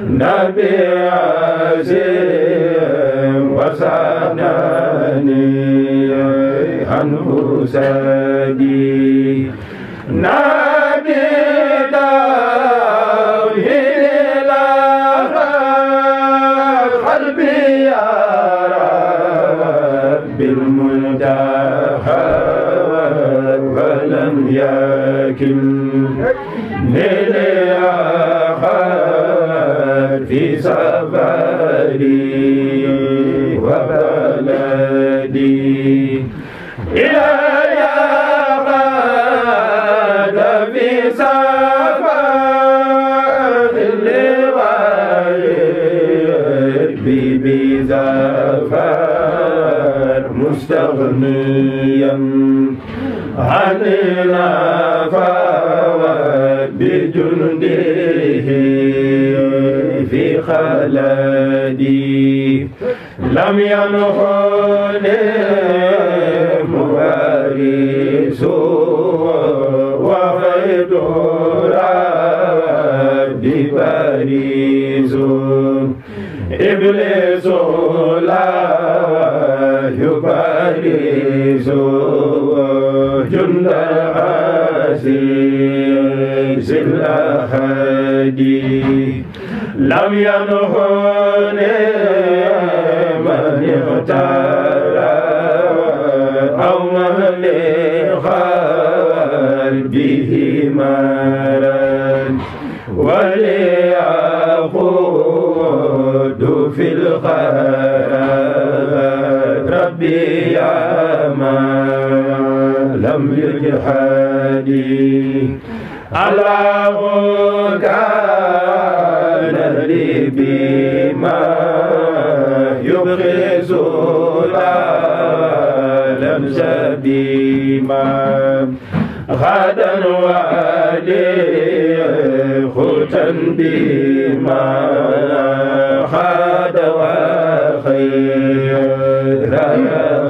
نبي عزيم وسناني عنه سدي نبي توحيد الله قلبي يا رب المنتهى ولم يكن Jesus. خلدي لم ينهني مبارز وغير ربي بارز إبليس لا يبارز جند عزيز الأحدي لم ينهني من يغتال أو من لقلبه مرض وليقود في الخراب ربي يا ما لم يجحدي الله كان الذي بما يبغز العالم سبيما غدا وعليه بما خاد وخير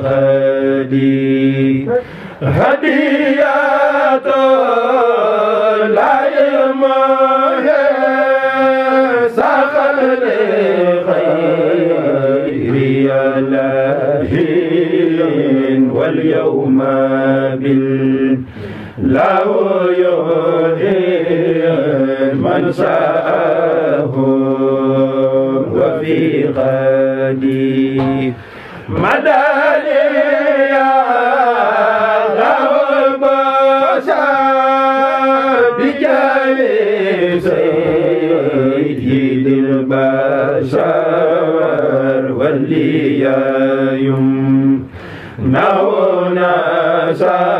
هدي هديته لو يدير من شاءه وفي قدي مدى لي غرب بجميع سيد البشر واللي يوم نونا شاء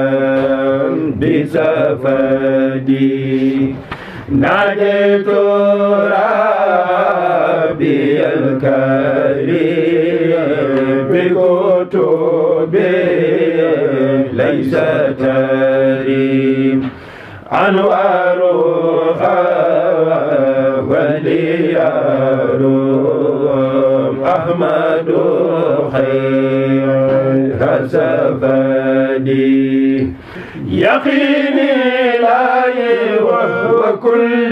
بسفدي ناديت ربي الكريم بكتبه ليس تريم أنوارها وليارم أحمد خير سفدي يقيني لا وهو كل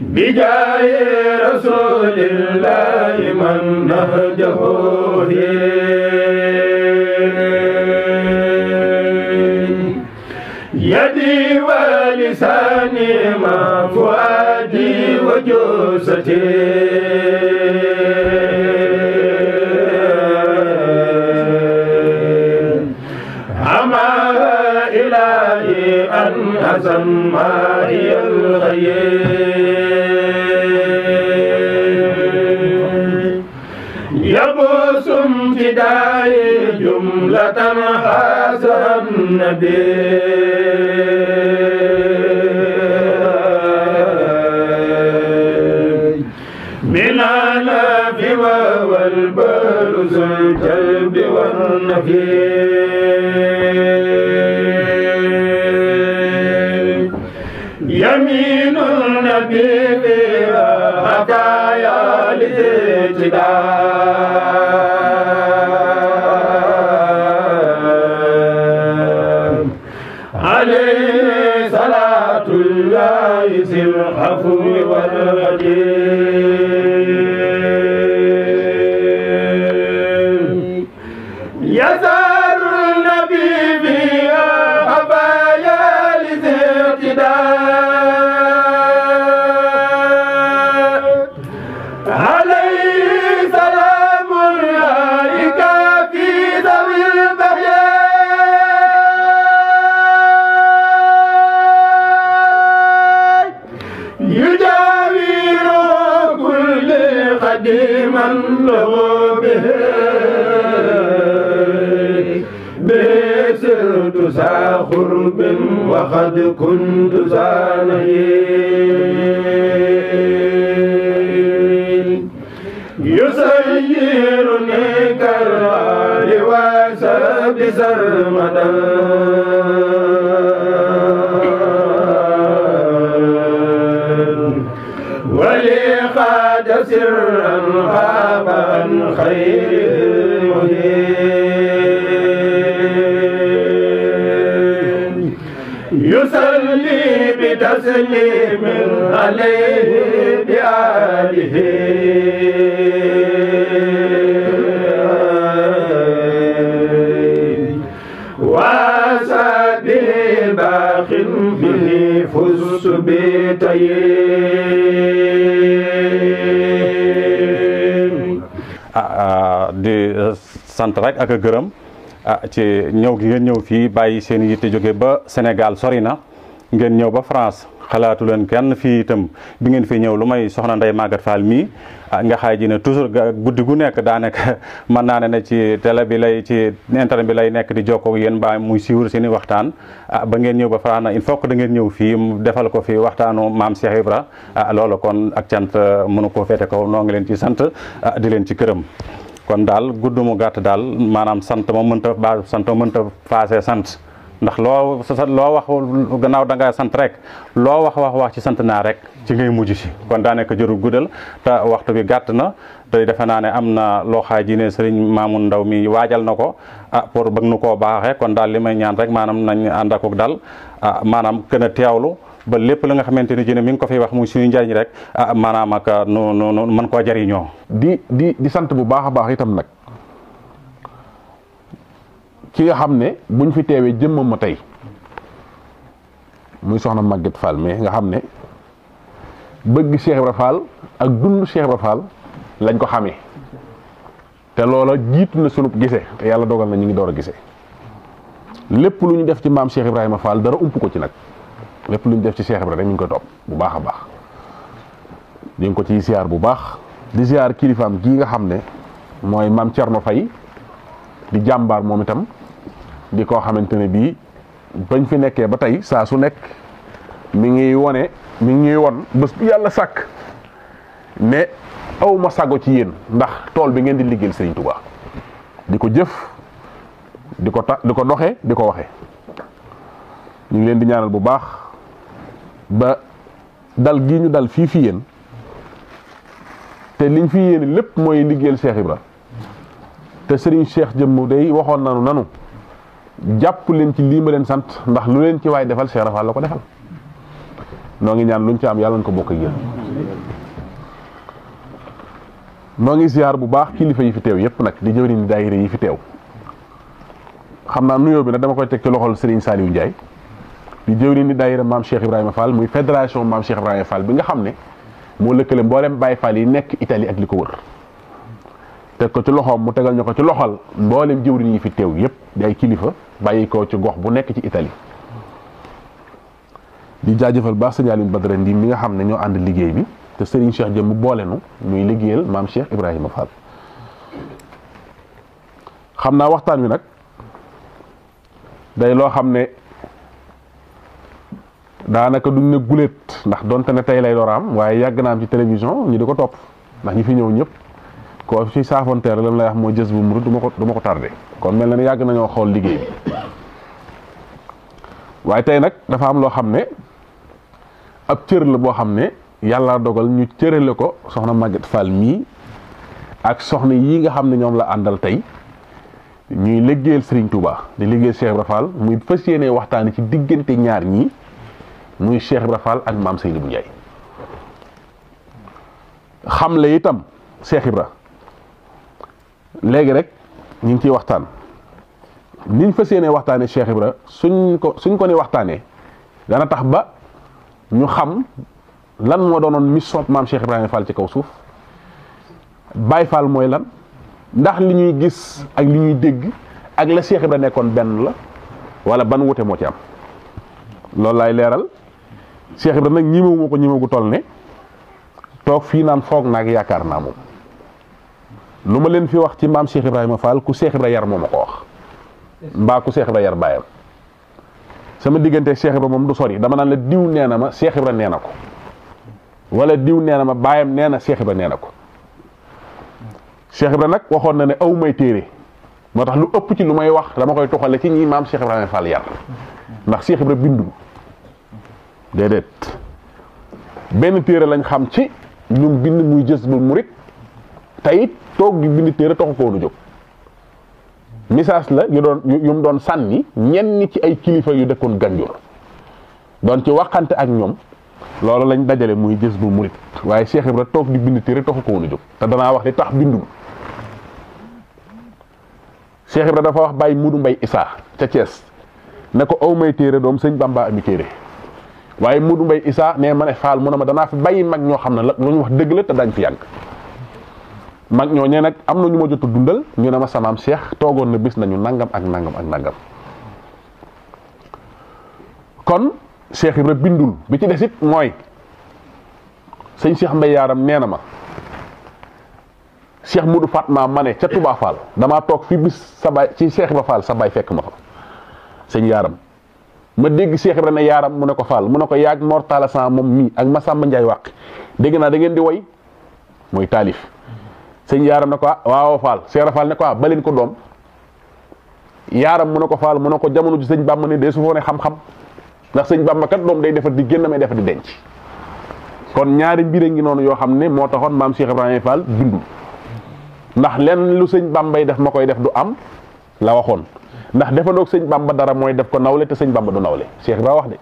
بجاه رسول الله من نهجه يدي ولساني ما فؤادي وجوستي ماري الغيب يبوس امتداي جملة حسن النبي من الألف والبلوس الكلب والنفير أمين النبي هدايا للجدال عليه صلاة الله في الحفو والغدير بتسليم عليه بآله وسبه باق به فزت بتيم ah, ah, di sant rek ak a gërëm ah ci ñëw gi ñëw fii bàyyi seen yitte jóge ba senegal sori na ngeen ñew ba France xalaatu len kenn fi itam bi ngeen fi ñew lu may soxna nday magat Fall mi ah, nga xaji ne toujours guddi gu nek da nek man ne ne ci télé bi lay ci internet bi lay nek di joko yeen ba muy siwur seen waxtaan ah, ba ngeen ñew ba France il faut que da ngeen ñew fi defal ko fi waxtaanu mam Cheikh Ibra ah, loolu kon ak tiant euh, mënu ko fété ko no ngi ci sante di len ci kërëm kon dal guddumu gatt dal manam sante mo mën ta ba sant mën ta sant ndax loo sa loo wax gannaaw da sant rek loo wax wax wax ci sant naa rek ci ngay mujj si kon daanaka jërul guddal te waxtu bi gàtt na te defe naa ne am na loo xaay ji ne sëriñ Ndaw mi waajal na ko ah pour bëgg nu koo baaxee kon daal li may ñaan rek maanaam nañ ànd ak dal ah maanaam gën a teewlu ba lépp la nga xamante ni ji ne mi ngi ko fiy wax muy suñu njariñ rek ah maanaam ak nu nu mën koo jariñoo di di di sant bu baax a baax itam nag ki nga xam ne buñ fi teewee jëmmam ma tey muy soxna Maguette Fall mais nga xam ne bëgg Cheikh Ibra Fall ak dund Cheikh Ibra lañ ko xamee te loola jiitu na sunub gisee te yàlla dogal na ñu ngi door a gisee lépp lu ñu def ci maam Cheikh Ibrahima Fall dara ump ko ci nag lépp lu ñu def ci Cheikh Ibrahima rek mi ngi ko topp bu baax a baax ñu ngi ko ci ziar bu baax di ziar kilifaam gii nga xam ne mooy maam ma Faye di jàmbaar moom itam. di koo xamante ne bii bañ fi nekkee ba tey saa su nekk mi ngi wone mi ngi ñuy won bés bu yàlla sàkk ne awma ma sago ci yéen ndax tool bi ngeen di liggéeyal Serigne Touba di ko jëf di ko ta di ko doxe di ko waxe ñu ngi leen di ñaanal bu baax ba dal gii ñu dal fii fi yéen te liñ fi yéen lépp mooy liggéeyal Cheikh Ibra te Serigne Cheikh jëmm dey waxoon nanu nanu jàpp leen ci lii ma leen sant ndax lu leen ci waay defal Cheikh Rafal la ko defal noo ngi ñaan luñ ci am yàlla na ko bokk ak yéen noo ngi ziar bu baax kilifa yi fi teew yëpp nag di jëwriñ daayira yi fi teew xam naa nuyoo bi nag dama koy teg ci loxol Serigne Saliou Ndiaye di jëwriñ ni daayira maam Cheikh Ibrahima Fall muy fédération maam Cheikh Ibrahima Fall bi nga xam ne moo lëkkale mboolem Baye Fall yi nekk Italie ak li ko wër. teg ko ci loxoom mu tegal ñu ko ci loxol mboolem jëwriñ yi fi teew yépp di ay kilifa bàyyi ko ci gox bu nekk ci itali di jaajëfal baax sëñ Alioune Badara Ndim mi nga xam ne ñoo ànd liggéey bi te Serigne Cheikh jëm mu boole nu muy liggéeyal maam Cheikh Ibrahima Fall xam naa waxtaan wi nag day loo xam ne daanaka duñ ne guléet ndax donte ne tey lay doraam waaye yàgg naa am ci télévision ñi di ko topp ndax ñi fi ñëw ñëpp. ko ci saafonteer lam lay wax moo jës bu mu du ma ko du ma ko tardé kon mel na ni yàgg nañoo xool liggéey bi waaye tey nag dafa am loo xam ne ab cër la boo xam ne yàlla dogal ñu cërale ko soxna Maguette Fall mii ak soxna yii nga xam ne ñoom la àndal tey ñuy liggéeyal Serigne Touba di liggéeyal Cheikh Ibra Fall muy fas yéenee waxtaane ci diggante ñaar ñii muy Cheikh Ibra Fall ak maam bu Ndiaye xam le itam Cheikh Ibra léegi rek ñu ngi ciy waxtaan niñ fas yéenee waxtaanee Cheikh Ibra suñ ko suñ ko ne waxtaanee dana tax ba ñu xam lan moo doon doonoon mission maam Cheikh Ibrahima Fall ci kaw suuf baay Fall mooy lan ndax li ñuy gis ak li ñuy dégg ak la Cheikh Ibra nekkoon benn la wala ban wute moo ci am loolu laay leeral Cheikh Ibra nag ñimewu ko ñimewu gu toll ne toog fii naan foog naa ak yaakaar naa moom. luma len fi wax ci mam Cheikh Ibrahima Fall ku Cheikh Ibrahima yar momako wax mba ku Cheikh Ibrahima yar bayam sama digeunte Cheikh Ibrahima mom du sori dama nan la diw neena ma Cheikh Ibrahima neena ko wala diw neena ma bayam neena Cheikh Ibrahima neena ko Cheikh Ibrahima nak waxon na ne aw may téré motax lu upp ci lumay wax dama koy toxale ci ñi mam Cheikh Ibrahima Fall yar ndax Cheikh Ibrahima bindu dedet ben téré lañ xam ci ñum bind muy jess bu murid tey tok di bind téere tok koo du jóg message la yu don yu don sanni sànni ñenn ci ay kilifa yu dekkon ganjur Don ci waxante ak ñom loolu lañ dajale muy gis bu murit waye Cheikh Ibra tok di bind téere tok ko woon jog ta te wax li tax bindu Cheikh Ibra dafa wax bàyyi Mudu Mbay isa ca ties ne ko aw may téere doom sëñ Bamba ami téere waye Mudu Mbay isa ne mané mu na ma dana fi mag ño xamna lu ñu wax deug la ta dañ fi mag ñoo ñe nak amna ñu mo jottu dundal ñu na ma samaam cheikh togon na bis nañu nangam ak nangam ak nangam kon cheikh ibra bindul bi ci desit moy. seigne cheikh mbay yaram neena ma cheikh mudou fatma mané ca touba fall dama tok fi bis sa bay ci cheikh ibra fall sa bay fekk ma seigne yaram ma deg cheikh ibra ne mu ne ko fall mu ne ko yaak mortala sa mom mi ak sam ndjay wàq deg na da ngeen di way moy talif sëñ yaaram na ko ah, waaw faal seera faal na ko ah, baleen ko doom yaaram mu ne ko faal mu ne ko jamono ji sëñ bàmba ne day sufoo ne xam-xam ndax sëñ bàmba kat doom day defar di génn may defar di denc kon ñaari mbir a ngi noonu yoo xam ne moo taxoon maam Cheikh Ibrahima Fall dund ndax lenn lu sëñ bàmbay def ma koy def du am la waxoon ndax defandoog sëñ bàmba dara mooy def ko nawle te sëñ bàmba du nawle Cheikh Ibrahima wax de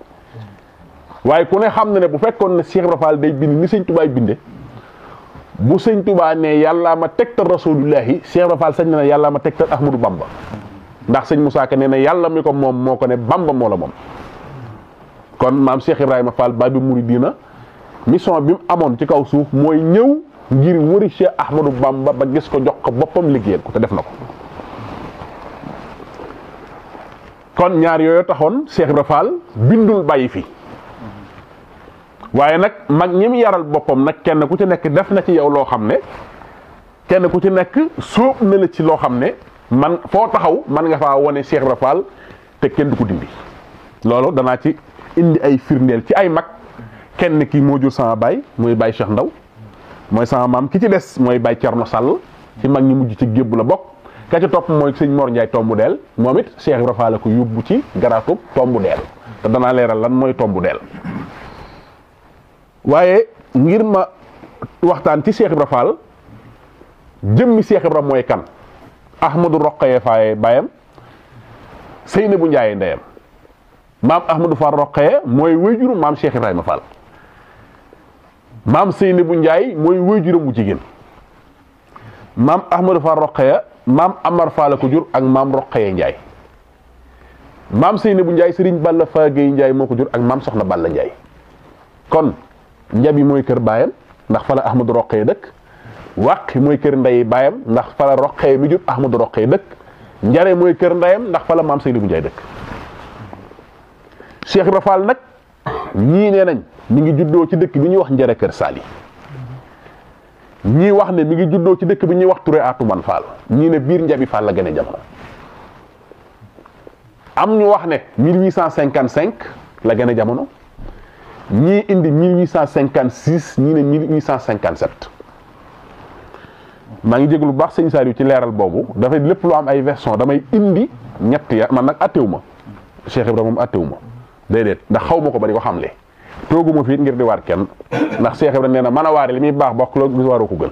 waaye ku ne xam na ne bu fekkoon ne Cheikh Ibrahima Fall day bind binde bu sëñ tubaa ne yàllaa ma tegtal rasulullahi Cheikh Ibra Fall sañ na ne yàllaa ma tegtal Ahmadou Bamba ndax sëñ Moussa Ka nee na yàlla mi ko moom moo ko ne Bamba moo la moom kon maam Cheikh Ibrahima Fall Babi Mouridina mission bi mu amoon ci kaw suuf mooy ñëw ngir wëri Cheikh Ahmadou Bamba ba gis ko jox ko boppam liggéeyal ko te def na ko kon ñaar yooyu taxoon Cheikh Ibra Fall bindul bàyyi fi waaye nag mag ñim yaral boppam nag kenn ku ci nekk def na ci yow loo xam ne kenn ku ci nekk sóob na la ci loo xam ne man foo taxaw man nga faa wane Cheikh Ibra te kenn du ko dindi loolu danaa ci indi ay firndeel ci ay mag kenn ki moo jur sama baay muy baay Cheikh Ndaw mooy sama maam ki ci des mooy baay Cerno Sall ci mag ñi mujj ci gébb la bokk ka ci topp mooy sëñ Mor Ndiaye tombu deel moom it Cheikh Ibra Fall la ko yóbbu ci garaatub tombu deel te danaa leeral lan mooy tombu deel waaye ngir ma waxtaan ci Cheikh Ibra Fall jëmmi Cheikh Ibra mooy kan Ahmadou Roqaye Faye baayam Seynabou njaay ndeyam maam Ahmadou Fall Roqaye mooy wéyjuru maam Cheikh Ibrahima Fall maam Seynabou Ndiaye mooy wéyjuram wu jigéen maam Ahmadou Fall Roqaye maam Amar Fall ko jur ak maam Roqaye Ndiaye maam Seynabou Ndiaye Serigne Balla Fagey Ndiaye moo ko jur ak maam Soxna Balla Ndiaye kon njabi mooy kër baayam ndax fa la ahmadu roqee dëkk wàqi mooy kër ndey baayam ndax fa la roqee lu jub ahmadu roqee dëkk njare mooy kër ndeyam ndax fala la maam bu Ndiaye dëkk Cheikh Ibra Fall nag ñii nee nañ mi ngi juddoo ci dëkk bi ñuy wax njare kër Saali ñii wax ne mi ngi juddoo ci dëkk bi ñuy wax Touré Atuman Fall ñii ne biir Njabi Fall la gën a jamono am ñu wax ne 1855 la gën a jamono ñii indi 1856 ñii ne 1857 maa ngi jéglu lu baax sëñ Saliou ci leeral boobu dafay lépp lu am ay version damay indi ñetti ya man nag attewu ma Cheikh Ibrahima moom attewu ma déedéet ndax xaw ma ko ba di ko xamle toogu ma fii ngir di waar kenn ndax Cheikh Ibrahima nee na mën a waare li muy baax bokk loo gis waroo ko gën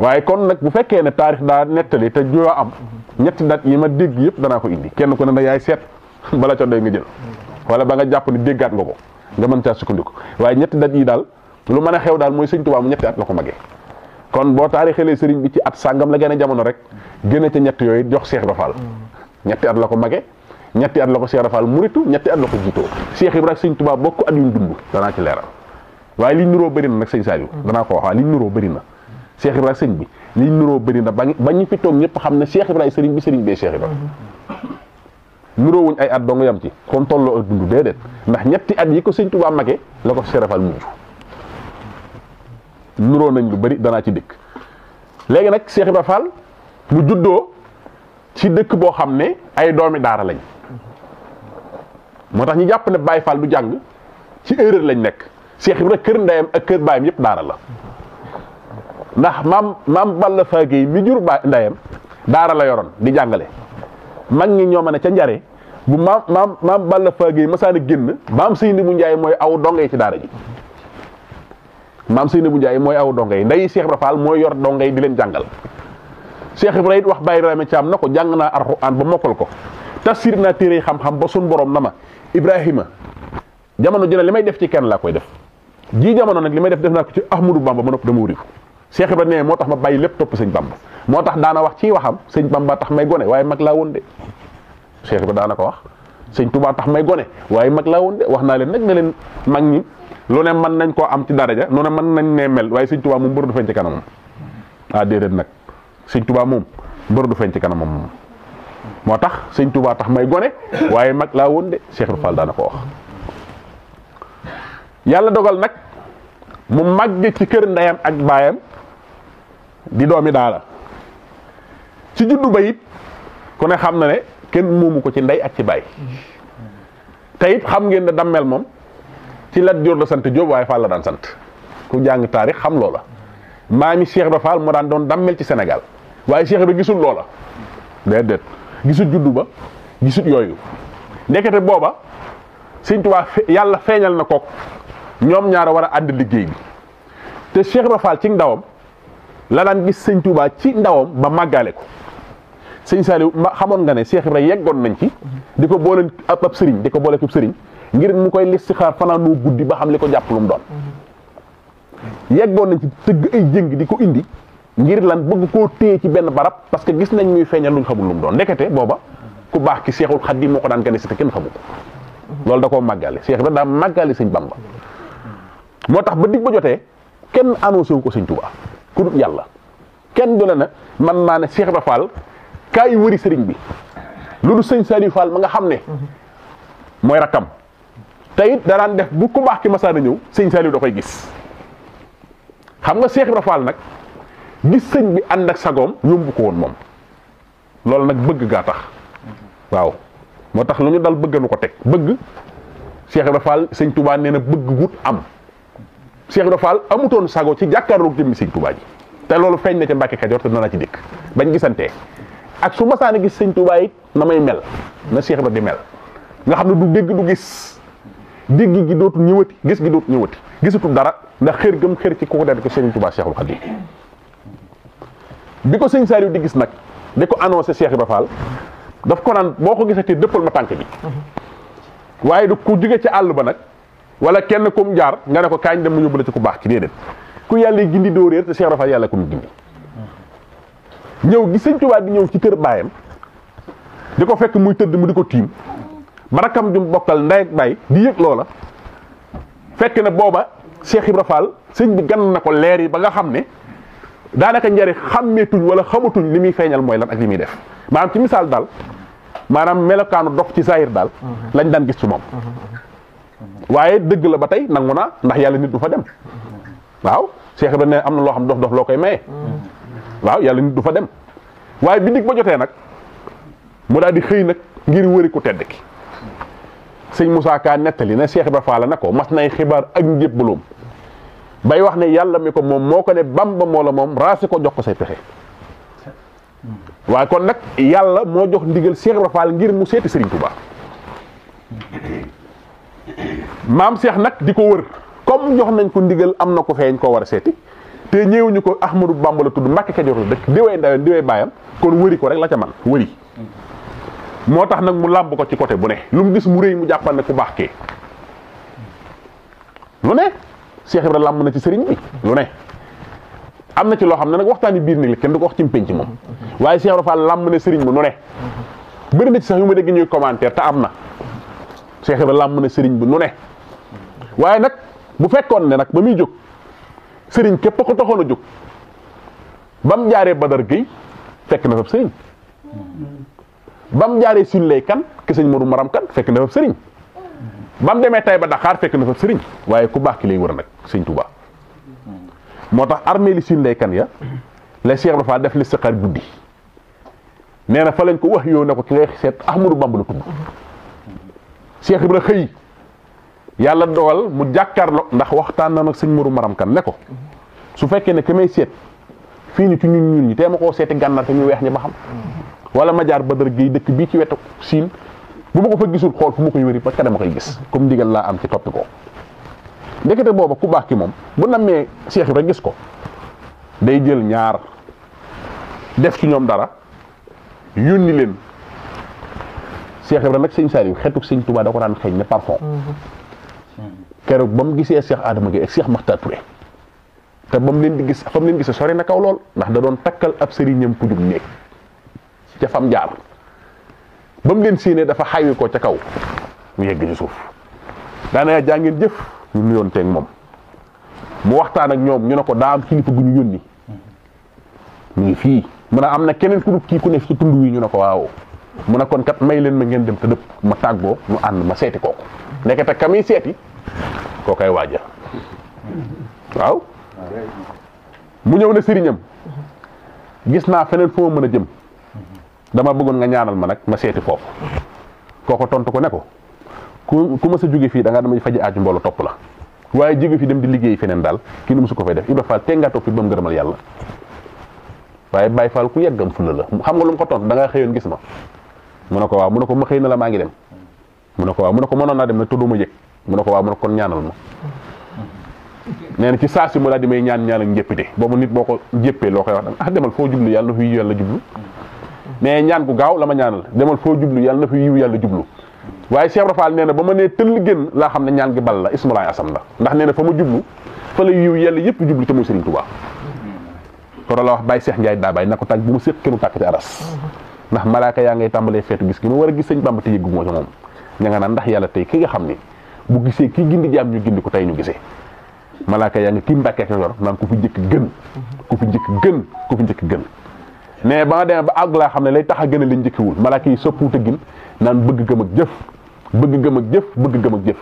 waaye kon nag bu fekkee ne taarix daa nettali te joo am ñetti nag yi ma dégg yëpp danaa ko indi kenn ku ne na yaay seet bala ca doy nga jël wala ba nga jàpp ne déggaat nga ko. nga mën caa sukkandiku waaye ñetti dat yi daal lu mën a xew daal mooy sëñ Tuubaa mu ñetti at la ko magee kon boo taarixalee sëriñ bi ci at sàngam la gën jamono rek gën a ñett yooyu jox Cheikh Ibra Fall mm. ñetti at la ko magee ñetti at la ko Cheikh Ibra Fall ñetti at la ko jiitoo Cheikh Ibra ak sëñ Tuubaa bokk at yuñ dund danaa ci leeral waaye liñ nuroo bëri na nag sëñ Saliou mm. danaa ko wax waaye liñ nuroo na Cheikh ak sëñ bi liñ nuroo bëri na ba ñu fi toog ñëpp xam ne Cheikh Ibra sëriñ bi sëriñ bee Cheikh Ibra mm-hmm. wuñ ay at dong yam ci comme tolloo ak dund déedéet ndax ñetti at yi ko sëñ Tuubaa magee la ko serafal mujj nuróo nañ lu bari danaa ci dëkk léegi nag Cheikh Ibra Fall mu juddoo ci dëkk boo xam ne ay doomi daara lañ moo tax ñu jàpp ne Baye Fall du jàng ci erreur lañ nekk Cheikh Ibra kër ndeyam ak kër baayam yëpp daara la ndax maam maam Balla Faagé mi jur baay ndeyam daara la yoroon di jàngale mag ñi ñoo mën ca njare bu ma ma ma Balla Fagé masaana génn maam Seyni bu Njaay mooy aw dongay ci daara ji maam Seyni bu Njaay mooy aw moyor nday Cheikh rafal mooy yor dongay di leen jàngal Cheikh ibrahim wax Baye Ibrahima cham nako jang na alquran ba mokal ko tafsir na tere xam-xam ba sun borom nama Ibrahima jamono jëne limay may def ci kenn la koy def ji jamono nak limay def def na ko ci Ahmadou Bamba ma nopp dama wuri Cheikh ibrahim nee ma bàyyi lepp top Bamba moo tax daana wax ci waxam sëñ Bamba tax may gone waaye mag laa woon de Cheikh daana ko wax sëñ Touba tax may gone waaye mag laa woon de wax naa leen nag leen mag ñi lu ne mën nañ koo am ci daraja lu mën nañ ne mel waaye sëñ Touba moom bëru du feeñ nag sëñ Touba moom du feeñ ci ah, moom moo tax sëñ Touba tax may gone waaye mag laa woon de daana ko wax yàlla dogal nag mu màgg ci kër ndeyam ak baayam di doomi daala ci juddu ba it ku xam na ne kenn moomu ko ci ndey ak ci baay te xam ngeen ne dammel moom ci la Joor la sant Jóob waaye Fall la daan sant ku jàng taarix xam loola maami Cheikh ba Fall moo daan doon dammel ci senegal waaye Cheikh Ibra gisul loola déedéet gisul juddu ba gisul yooyu ndekete booba Sëñ yàlla feeñal na kook ñoom ñaara war a ànd liggéey bi te Cheikh Ibra Fall ci ndawam la daan gis Sëñ ci ndawam ba màggaale ko sëñ Saliou ma xamoon nga ne Cheikh Ibra yeggoon nañ ci di ko boole ab ab sëriñ di ko boole ab sëriñ ngir mu koy listixaar fanaanoo guddi ba xam li ko jàpp lu mu doon yeggoon nañ ci tëgg ay jëng di ko indi ngir lan bëgg koo téye ci benn barab parce que gis nañ muy feeñal luñ xamul lu mu doon ndekete booba ku baax ki Seexul Xadiim moo ko daan gane si te kenn xamu ko loolu da koo màggale Cheikh Ibra daa màggale sëñ Bamba moo tax ba digg ba jotee kenn annoncé wu ko sëñ Tuubaa ku yàlla kenn du la ne man maa ne Cheikh Ibra kaa yi wëri sëriñ bi lu du sëñ Saliou Fall ma nga xam ne mooy rakkam te it danaan def bu ko baax ki masaana ñëw sëñ Saliou doo koy gis xam nga Cheikh Ibra nag gis sëñ bi ànd ak sagoom yomb ko woon moom loolu nag bëgg gaa tax waaw moo tax lu ñu dal bëgg nu ko teg bëgg Cheikh Ibra Fall sëñ Touba nee na bëgg wut am Cheikh Ibra amutoon sago ci jàkkaarloog jëmmi sëñ Touba ji te loolu feeñ na ca Mbàkke Kajoor te dana ci dikk bañ gisantee ak su masaana gis seigne Touba yi na may mel na Cheikh Ibrahima di mel nga xamne du deg du gis deg gi dootul ñewati gis gi dootul ñewati gisatu dara ndax xër gem xër ci kooku daal ko seigne Touba Cheikhul Khadim bi seigne sariou di gis nak di ko annoncé Cheikh ba Fall daf ko nan boko gisati deppal ma tank bi waye du ku jóge ci àll ba nak wala kenn kum jaar nga ne ko kañ dem ñu bu la ci ku bax ki dedet ku yalla gindi do reer te Cheikh rafa yalla kum gindi ñëw gi sëñ Tuubaa di ñëw ci kër baayam di ko fekk muy tëdd mu di ko tiim barakam ju mu bokkal ndey ak baay di yëg loola fekk na booba Cheikh Ibra sëñ bi gan na ko leer yi ba nga xam ne daanaka njëriñ xàmmeetuñ wala xamatuñ li muy feeñal mooy lan ak li muy def maanaam ci misaal daal maanaam melokaanu dof ci zahir daal lañ daan gis ci moom waaye dëgg la ba tey nangu naa ndax yàlla nit du fa dem waaw Cheikh Ibra ne am na loo xam dof dof loo koy maye waaw yàlla nit du fa dem waaye bi dig ba jotee nag mu daal di xëy nag ngir wëri ku tedd ki sëñ Moussa kaa nettali na Cheikh ba Fall na ko mas nay xibaar ak njëbbaloom bay wax ne yàlla mi ko moom moo ko ne Bamba moo la moom raasi ko jox ko say pexe waaye kon nag yàlla moo jox ndigal Cheikh Ibra Fall ngir mu seeti Serigne Touba maam Cheikh nag di ko wër comme jox nañ ko ndigal am na ko feeñ koo war a seeti te ñëwuñu ko Ahmadou Bamba la tudd Mbàkke Kajoor la dëkk di way ndaween di way baayam kon wëri ko rek la ca man wëri moo tax nag mu làmb ko ci côté bu ne lu mu gis mu rëy mu jàppal ne ku baax ke lu ne Cheikh Ibra làmb na ci sëriñ bi ne am na ci loo xam ne nag waxtaani biir nag kenn du ko wax ci mpénc moom waaye Cheikh Ibra Fall ne sëriñ bi nu ne bëri na ci sax yu ma dégg ñuy te am na Cheikh Ibra làmb ne sëriñ bi nu ne waaye nag bu fekkoon ne nag ba muy jóg sëriñ képp ko taxoon a jóg ba mu jaaree Badar Gueye fekk na fa sëriñ ba mu jaaree Sine lay kan ki sëñ Modou Maram kan fekk na fa sëriñ ba mu demee tay ba Dakar fekk na fa sëriñ waaye ku baax ki lay wër nag sëñ Touba moo tax armée li Sine lay kan ya la Cheikh Ibra faa def li saqaar guddi nee na fa lañ ko wax yow ne ko ki ngay seet Ahmadou Bamba la tudd Cheikh Ibra xëy. yàlla dogal mu jàkkaarloo ndax waxtaan na nag sëñ Mourou Maram Kan ne ko su fekkee ne ki may seet fii ni ci ñun ñun ñi tee ma koo seeti gànnaar te ñu weex ñi ba xam wala ma jaar Badar Gueye dëkk bii ci wetu siin bu ma ko fa gisul xool fu ma koy wëri parce que koy gis comme ndigal laa am ci toppi ko ndekete booba ku baax ki moom bu nammee Seex Ibra gis ko day jël ñaar def ci ñoom dara yónni leen Seex Ibra nag sëñ yu xetuk sëñ Touba da ko daan xeeñ ne kéro bam gisé cheikh adama gi cheikh makhtar touré té bam leen di gis fam leen gisé sori na kaw lool ndax da doon takkal ab sëriñam ku jub néeg ca fam jaar bam leen séenee dafa xaywi ko ci kaw mu yegg ci suuf da na ja ngeen jëf ñu ñu nuyoon ak mom mu waxtaan ak ñom ñu nako ko daa am kilifa gu ñu yónni mu fi mu na amna keneen ku dul ki ku ne ci tundu wi ñu nako waaw mu na kon kat may leen ma ngeen dem te depp ma taggo ñu and ma séti kooku nekata kami séti kay waja waw bu ñew na serignam gis na feneen fu ma jëm dama bëggon nga ñaanal ma nak ma séti fofu koko tontu ko neko ku ma sa jóge fii da nga dama faji aaju mbolo top la waye jóge fi dem di liggéey fenen dal ki nu musu ko fay def Ibra Fall te nga topp it ba mu gërëmal yàlla ku yeggam fulla la xam nga lu ko tontu da nga gis ma munako wa munako ma xeyna la ma ngi dem munako wa munako monona dem na tuduma jek mu ne ko waaw mu ne kon ñaanal ma nee na ci saa si mu daal di may ñaan ñaanal njëppite boobu nit boo ko jëppee loo koy wax ah demal foo jublu yàlla fi yiw yàlla jublu mais ñaan gu gaaw la ma ñaanal demal foo jublu yàlla fi yiw yàlla jublu waaye Cheikh Rafal nee na ba ma nee tëll génn laa xam ne ñaan gi bal la ismulaay asam la ndax nee na fa ma jublu fa la yiw yàlla yëpp jublu te muy Serigne Touba koro la wax Baye Cheikh Ndiaye daa bàyyi na ko tàgg bu mu séq kenn ci aras ndax malaaka yaa ngay tàmbalee feetu gis gi ma war a gis sëñ Bamba te yëggu moo ci moom ña nga naan ndax yàlla tey ki nga xam ni bu gisee ki gindi jam ñu gindi ko tay ñu gisee malaka yaa ngi kii mbàkkee ka yor man ku fi njëkk gën ku fi njëkk gën ku fi njëkk gën mais ba dem ba ag la xam lay taxa a gën a wul malaka malaaka yi soppuute gin nan bëgg gëm ak jëf bëgg gëm ak jëf bëgg gëm ak jëf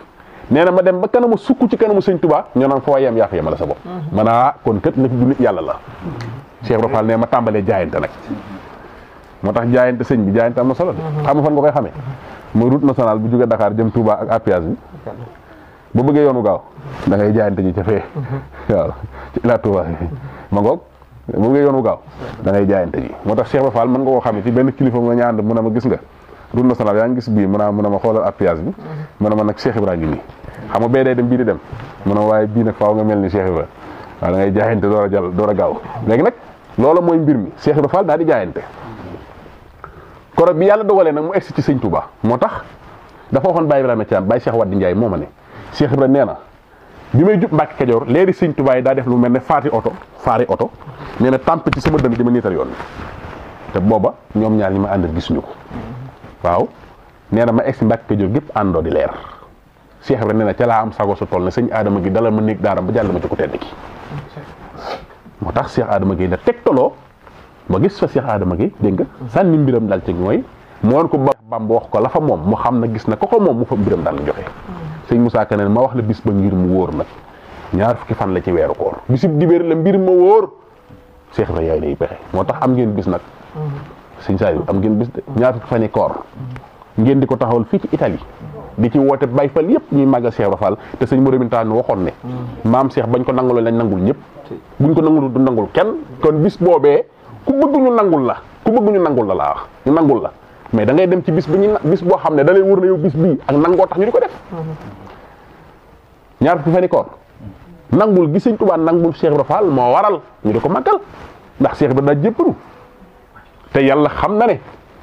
nee ma dem ba kanamu sukku ci kanamu sëñ touba ñu nan fo yam yaa fa yemale sa bop ma ah, kon kët nak du nit yalla la cheikh rofal ne ma tambalé jaayante nak motax jaayante sëñ bi jaayante am na solo xam nga fan nga koy xamé mo route nationale bu jóge dakar jëm touba ak apiage bu bëggé yoonu gaaw da ngay jaayante ñu jafee waaw ci la Touba ma ngok bu bëggé yoonu gaaw da ngay jaayante ji mhm. motax Cheikh Ba Fall mën nga ko xamé ci ben kilifa nga ñaan mu na ma gis nga na salaw ya nga gis bi mhm. mu na mu na ma xolal apias bi mu na ma nak Cheikh ibrahim bi nii xam nga day dem bi di dem mu na way bi nak faaw nga melni Cheikh ba da ngay jaayante door jall jàll gaaw légui nak loolu moy mbir mi Cheikh Ibrahima Fall daal di jaayante koro bi yalla dogalé nak mu ex ci seigne Touba motax tax dafa waxon Baye ibrahim tiam Baye Cheikh Wade ndjay moma ne Cheikh Ibrahima nee na bi may jub Mbàkke Kajoor leeri Sëñ Tuubaa daa def lu mel ne faati oto faari oto nee na tàmp ci sama dënn ma niitar yoon te booba ñoom ñaar ñi ma àndal gisuñu ko waaw nee na ma egsi Mbàkke Kajoor gépp àndoo di leer Cheikh Ibrahima nee na ca laa am sago sa tool ne sëñ Adama gi dalal ma néeg daaram ba jàll ma ci ku tedd ki moo tax Cheikh Adama gi da tegtaloo ma gis fa Cheikh Adama gi dégg nga sànni mbiram daal ci mooy moon ko ba bam ko la fa moom xam na gis na ko ko moom mu fa mbiram daal joxe seigne Moussa Ka ma wax la bis ba ngir mu wor nak ñaar fukki fan la ci wéru koor bisib dibéer la mbir ma wor cheikh ray yaay pexé motax am ngeen bis nak seigne saa am ngeen bis ñaar fukki fan koor ngeen diko ko taxawal fii ci Italie di ci wote bay fal yëpp ñuy màggal Cheikh rafal te seigne Mourou Mintaan waxon ne maam Cheikh bañ ko nangul lañ nangul ñëpp buñ ko nangul du nangul kenn kon bis bobé ku bëgg ñu nangul la ku bëgg ñu nangul la laa wax ñu nangul la mais da ngay dem ci bis bu ñu bis bo xamne da lay wour na yow bis bi ak nangoo tax ñu diko def ñaar fukki fani ko nangul gi seigne touba nangul cheikh rafal mo waral ñu diko ko ndax cheikh ibra da jépparu te yalla xam na ne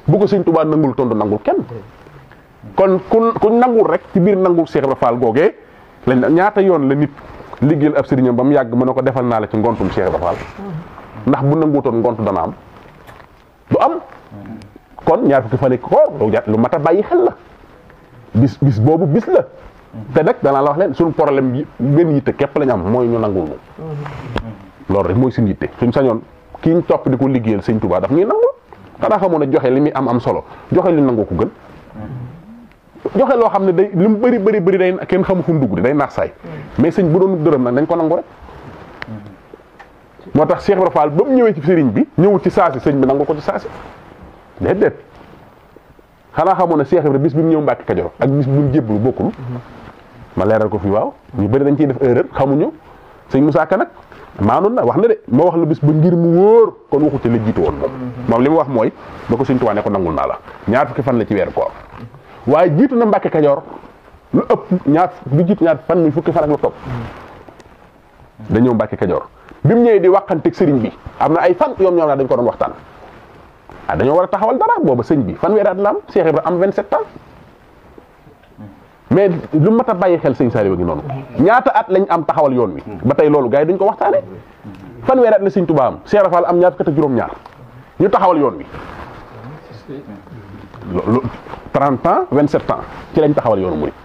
bu ko seigne touba nangul tondu nangul kenn kon ku nangul rek ci bir nangul cheikh rafal goge googee lañ ñaata yoon la nit liggéeyal ab serigne bam yag yàgg ko defal na la ci ngontum cheikh rafal ndax bu nangul nanguutoon ngont dana am du am kon ñaar fukki fane ko lu mata a xel la bis bis bobu bis la te nak da la wax len suñu problème yi benn yitte képp lañ am moy ñu nangul ñu lool rek moy suñu yitte suñu sañon ki ñu topp di ko liggéeyal sëñ Tuubaa daf ñuy nangul xanaa xamoon joxe limi am am solo joxe li nangoku gën joxe lo xamne day lu bari bari bari day ken xamu fu mu dugg day nax say mais sëñ bu doon deureum nak dañ ko nangul rek Cheikh rafal bam ñewé ci serigne bi ñëwul ci sasi sëñ bi nangoko ci sasi dedet xala xamone Cheikh ibrahim bis bi ñew mbacke Mbàkke ak bis bu mu jébbalu bokkul mhm. ma leral ko fi waaw ñu bari dañ ci def erreur xamuñu seigne Moussa Ka nak manul na wax na de mo wax la bis bu ngir mu woor kon waxu ci la jitu won mom mhm. moom li wax moy bako seigne touba Tuubaa ne ko nangul mala ñaar fukki fan la ci wër ko way jitu na mbacke Kajoor lu upp ñaar lu jitu ñaar fan muy fukki fan ak lu top mhm. dañ ñew mbacke bi bim ñëwee di waxanteeg sëriñ bi amna ay fan yom ñom la dañ ko doon waxtan ah dañoo war a taxawal dara booba sëñ bi fanweeri at la am Cheikh Ibra am 27 ans mais lu mat a bàyyi xel sëñ Saliou gi noonu ñaata at lañ am taxawal yoon wi ba tey loolu gars yi duñ ko waxtaane fanweeri at la sëñ Tuubaa am Cheikh Rafal am ñaar fukk ak juróom-ñaar ñu taxawal yoon wi loolu 30 ans 27 ans ci lañ taxawal yoonu murid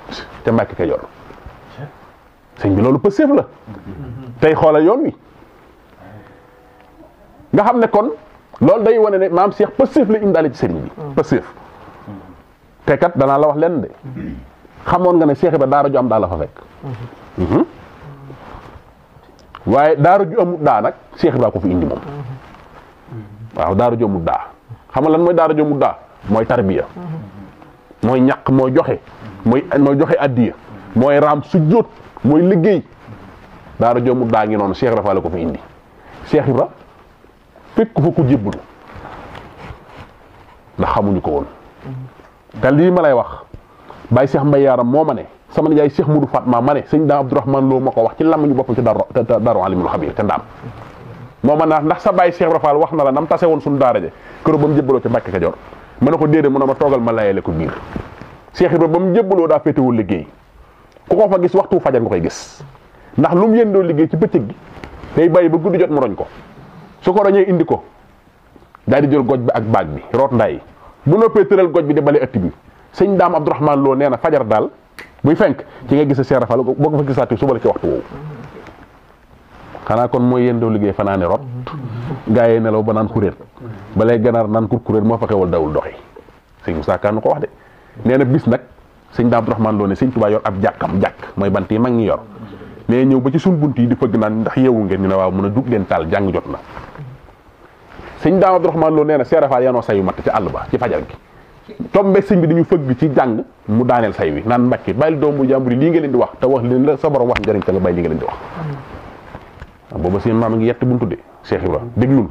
te Mbàkke Kajoor sëñ bi loolu pëseef la tey xoolal yoon wi nga xam ne kon. loolu day wane ne maam Cheikh passif la indaale ci sëriñ bi mm. passif te kat danaa la wax lenn de xamoon nga ne Cheikh ba daara ju am daa la fa fekk mm-hmm. Mm-hmm. waaye daara ju amut daa nag Cheikh ba mm-hmm. waaw daara ju amut daa xam nga lan mooy daara ju amut daa mooy tarbiya mooy ñaq mooy joxe mooy mooy joxe addiya mooy raam sujjóot mooy liggéey daara ju amut daa ngi noonu Cheikh Ibra la ko fi indi Cheikh Ibra fekk fu ko jébbalu ndax xamuñu ko won te li ma lay wax bàyyi Cheikh Mbaye Yaram moo sama nijaay Cheikh mudou Fatma mané ne da daa Abdourahmane Lo mako wax ci lamañu bop ci daro daro alimul khabir te ndam mo ma na ndax sa bàyyi Cheikh Rafal wax na la nam tase woon suñu daara je këro ba mu jébbaloo ca Mbàkke Kajoor ma ko déedéet mu ne ma togal ma layele ko bir Cheikh ibrahim bam mu da daa féetewul liggéey ku ko fa gis waxtu fajar nga gis ndax lum yendo yëndoo liggéey ci bëccëg day baye ba guddu jot mu roñ ko su ko dari indi ko daal di jël goj bi ak baag bi rot nday bu noppé tëral goj bi di bale bi señ dam abdourahman lo néna fajar dal, buy fenk ci nga gisa seerafal boo ko fa gisaatee suba la ci waxtu woowu fana kon moy yendo liggé liggéey ne rot gaayé yee nelaw ba naan ganar balay kur kurir mo fa xewal dawul doxé señ Moussa kan ko wax dé néna bis nak señ dam abdourahman lo ne señ tubaa yor ab jakam jak moy banti mag ñi yor mais ñew ba ci sun bunti di fegg nan ndax yewu ngeen ñu na waaw mëna dug tal jang jotna sëñ daaw Abdourahmane Lo nee na Seera Faal yanoo sayu matt ci àll ba ci fajar gi tombe sëñ bi dañu fëgg ci jàng mu daaneel say wi naan mbàcki bàyyil doomu jàmbur yi lii nga leen di wax te wax leen la sa borom wax njëriñ te nga bàyyi li nga maam a ngi yett bu mu tudde Cheikh Ibrahima déglul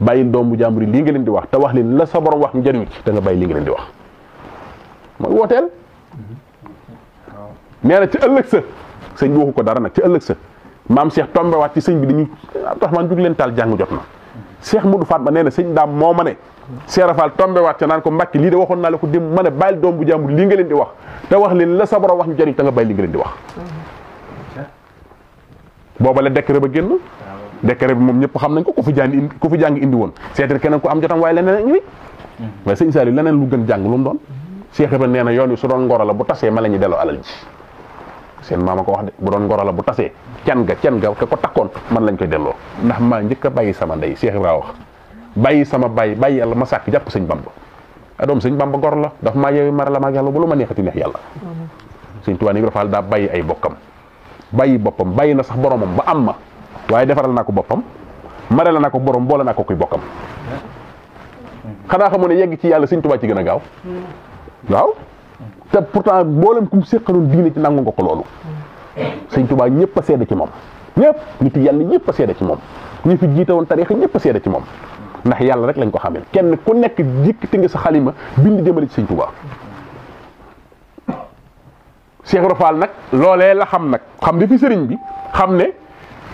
bàyyil doomu jàmbur yi lii nga leen di wax te wax leen la sa borom wax njëriñ ci te nga bàyyi li nga leen wax mooy wooteel nee na ci ëllëg së sëñ bi waxu ko dara nag ci ëllëg sa maam Cheikh tombewaat ci sëñ bi dañu Abdourahmane jug leen taal jàng jot na Cheikh Modou Fatma nee na sëñ daam moo ma ne Cheikh Fall tombé waat ca naan ko Mbàkke lii de waxoon naa la ko démb ma ne bàyyil doom bu jàmbur lii nga leen di wax te wax leen la sa borom wax ñu jariñ te nga bàyyi li nga di wax booba ba génn décret bi moom ñëpp xam nañ ko ku fi jàng indi ku fi jàng indi woon seetal keneen ku am jotam waaye leneen ngi fi waaye sëñ Saliou leneen lu gën jàng lu doon Cheikh Ibrahima nee na yoon wi su doon ngoro la bu tasee ma la ñu delloo alal ji seen mama ko wax de bu don ngorala bu tassé can ga can ga te ko takkon man lañ koy delo ndax ma ñëk bayyi sama ndey cheikh ibrahim wax bayyi sama bàyyi bàyyi yalla ma sakk japp seigne bamba adom seigne bamba gor la daf ma yewi mara la maag yàlla bu lu ma neexati neex yalla seigne tuwaa ibra faal daa bàyyi ay bokkam bayyi bopam bayyi na sax boromam ba amma waye waaye defaral naa ko boppam mare la naa ko borom boole naa ko kuy bokkam xana xamone yegg ci yalla seigne tuwaa ci gëna gaaw waaw te pourtant mboolem kum séqaloon diine ci nangu nga ko loolu sëñ Tuubaa ñëpp a seede ci moom ñëpp nit yàlla ñëpp a seede ci moom ñi fi jiite woon tariixa ñëpp a ci moom ndax yàlla rek lañ ko xamee kenn ku nekk jikkati nga sa xalima bind jëmale ci sëñ Tuubaa Cheikh Rofal nag loolee la xam nag xam li fi sëriñ bi xam ne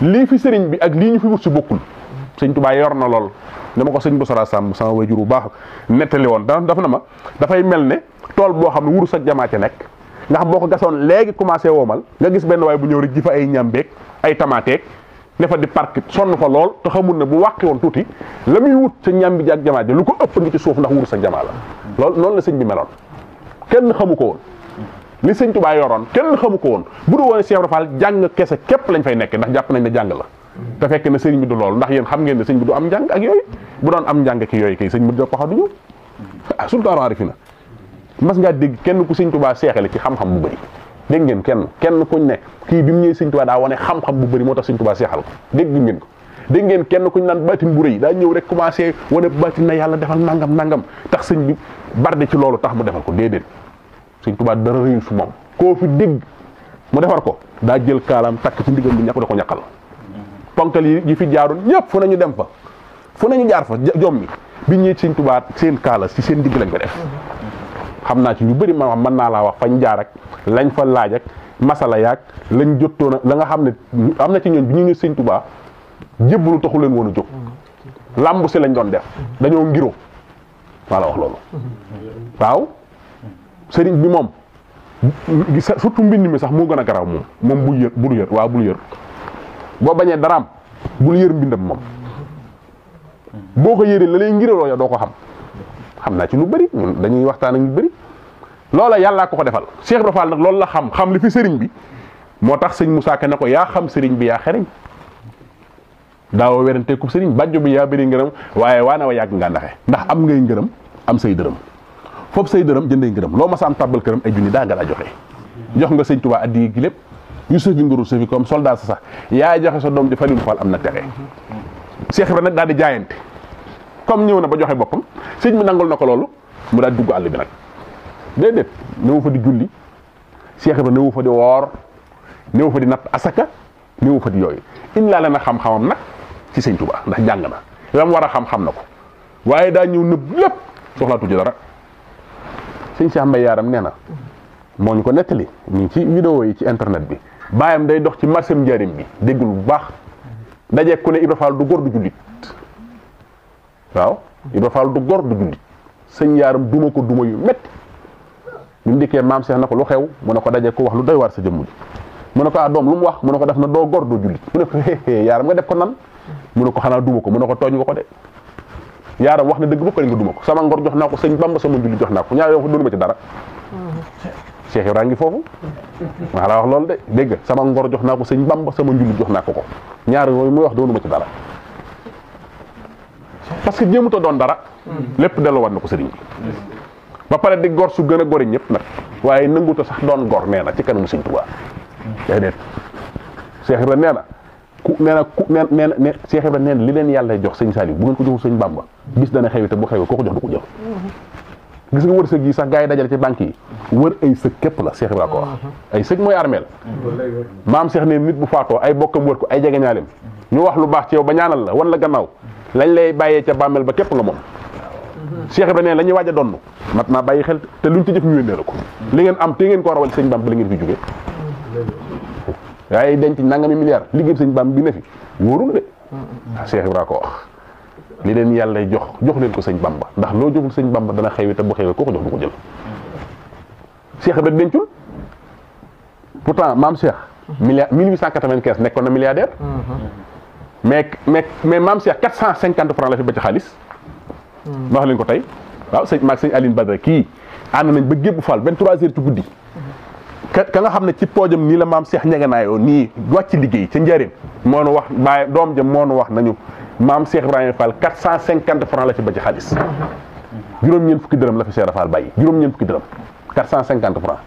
lii fi sëriñ bi ak lii ñu fi wut si bokkul sëñ Tuubaa yoroon na lool dama ko sëñ Bosora Samb sama wajur bu baax nettali woon da dafa na ma dafay mel ne tool boo xam ne wurus ak jamaa ca nekk ndax boo ko gasoon léegi commencé woomal nga gis benn waay bu ñëw rek ji fa ay ñambeeg ay tamateeg ne fa di park sonn fa lool te xamul ne bu wàqi woon tuuti la muy wut sa ñam bi ji ak jamaa lu ko ëpp ngi ci suuf ndax wurus ak jamaa la loolu noonu la sëñ bi meloon kenn xamu ko woon li sëñ Tuubaa yoroon kenn xamu ko woon bu du woon Cheikh jàng kese képp lañ fay nekk ndax jàpp nañ ne jàng la te fekk ne serigne bi du lol ndax yeen xam ngeen ne serigne bi du am jang ak yoy bu doon am jang ak yoy kay serigne bi do paxa du ñëw ah, arifina mas nga deg kenn ku serigne touba seexale ci xam-xam bu bari deg ngeen kenn kenn kuñ ne ki bimu mu serigne touba da woné wane xam-xam bu bari motax serigne touba tubaa seexal ko dégg ngeen ko deg ngeen kenn kuñ nan batin bu reuy da ñew rek commencé wane batin na yalla defal nangam nangam tax serigne bi barde ci lolu tax mu defal ko dedet serigne touba dara reuy su mom ko fi deg mu defar ko da jël kalam tak ci ndigam bi ñàkk da ko ñakal ponkal yi fi jaarul ñëpp fu nañu dem fa fu nañu jaar fa jommi bi ñuy sëñ Tuubaa seen kaala si seen digg lañ ko def xam naa ci ñu bëri ma mën naa laa wax fañ jaar lañ fa laaj ak masala yaag lañ jottoona la nga xam ne am na ci ñoon bi ñu ñu sëñ Tuubaa jébbalu taxu leen woon a jóg làmb si lañ doon def dañoo ngiro maa la wax loolu waaw sëriñ bi moom surtout mbind mi sax moo gën a garaaw moom moom bu yër bul yër waaw bul yër boo bañee daraam bul yeur mbindam mom boko yéré yëree la lay ngiraloo yow doo ko xam xamna ci lu bari ñun dañuy waxtaan ak ñu bari loola yàllaa ko ko defal Cheikh Ibra Fall loolu la xam xam li fi sëriñ bi motax tax Moussa Ka nako ya xam sëriñ bi ya xereñ dawo werante ku sëriñ bàjjo bi ya bari ngeeram waana wa yag nga ndaxé ndax am ngay ngeeram am sey deureum fop sey deureum jëndé ngeeram lo ma sa am tabal këram ay da nga la joxé jox nga addi gi lepp yusuf bin Ndour Sefi comme soldat sa sax yaa joxe sa dom di falil fal am na texe Cheikh Ibra nag daal di jaayante comme ñew na ba joxe bopam sëñ bi nangul nako lolu mu daal dugg àll bi nak dedet newu fa di julli Cheikh bi newu fa di wor newu fa di nat asaka newu fa di yoy in la na xam-xamam nak. ci sëñ Touba ndax jàng na lam wara xam-xam nako waye da ñew neub lepp soxla soxlaatu dara Cheikh Mbaye Yaram neena na ko netali ni ci vidéo yi ci internet bi baayam day dox ci marché njaarim bi déggul bu baax daje ku ne Ibra Fall du góor du jullit waaw Ibra Fall du sëñ yaaram duma ko duma yu métti bi mu dikkee maam Cheikh na ko lu xew mu ne ko daje ko wax lu doy waar sa jëmm ji mu ne ko ah doom lu mu wax mu ne ko def na doo gor doo jullit mu ne ko hee yaaram nga def ko nan mun ne ko xanaa duma ko mu ne ko tooñ nga ko de yaaram wax na dëgg ba pare nga duma ko sama ngor jox naa ko sëñ Bamba sama njulli jox naa ko ñaar yoon ko ma ci dara cheikh rangi fofu wala wax lol de dégg sama ngor jox naa ko bamba sama njulli jox naa ko ñaar yoy muy wax doonu ma ci dara parce que jéemut a doon dara lepp delu na ko seigne ba pare di gor su gëna a gori nak waye waaye nanguta sax doon gor neena ci kanamu seigne touba dedet cheikh ibrahim neena ku neena ku neena cheikh ibrahim neena li len yalla jox seigne salih bu ngeen ko jox seigne bamba bis dana xewi te bu xewi koo ko jox du ko jox gis nga wërsëg yi sax gaa yi dajale ci banque yi wër ay sëg képp la Cheikh Ibrahima ko mm-hmm. ay sëg mooy armeel maam Cheikh ne nit bu faatoo ay bokkam wër ko ay jegeñaaleem ñu wax lu baax ci yow ba ñaanal la wan la gannaaw lañ lay bàyyee ca bàmmeel ba képp la moom mm-hmm. Cheikh Ibrahima ne la ñuy waaj mat naa bàyyi xel te luñ ci jëf ñu wéndee la ko mm-hmm. li ngeen am te ngeen ko rawal sëñ Bamba la ngeen fi jóge waaye denc mi milliard liggéey sëñ Bamba bi ne fi wóorul ko wax li leen yàlla jox jox leen ko sëñ bamba ndax loo joxul sëñ bamba dana xewi te bu xewee koo ko jox du ko jël Cheikh Ibrahima dencul pourtant maam Cheikh. milliard 1895 nekkoon na milliardaire. Mm-hmm. mais mais mais maam Cheikh 450 francs la fi ba ci xaalis. ma mm-hmm. wax leen ko tey waaw sëñ maag sëñ Aline Badara kii ànd nañ ba Gébu Fall 23 heures ci guddi. Mm-hmm. ka ka nga xam ne ci poojam nii la maam Cheikh ñeganaayoo nii wàcc liggéey ca njëriñ moo wax bàyyi doom jëm moo nu wax nañu. maam Cheikh Ibrahima Fall 450 francs la ci ba ci xaalis juróom-ñeent fukki dërëm la fi Cheikh Fall bàyyi juróom-ñeent fukki dërëm 450 francs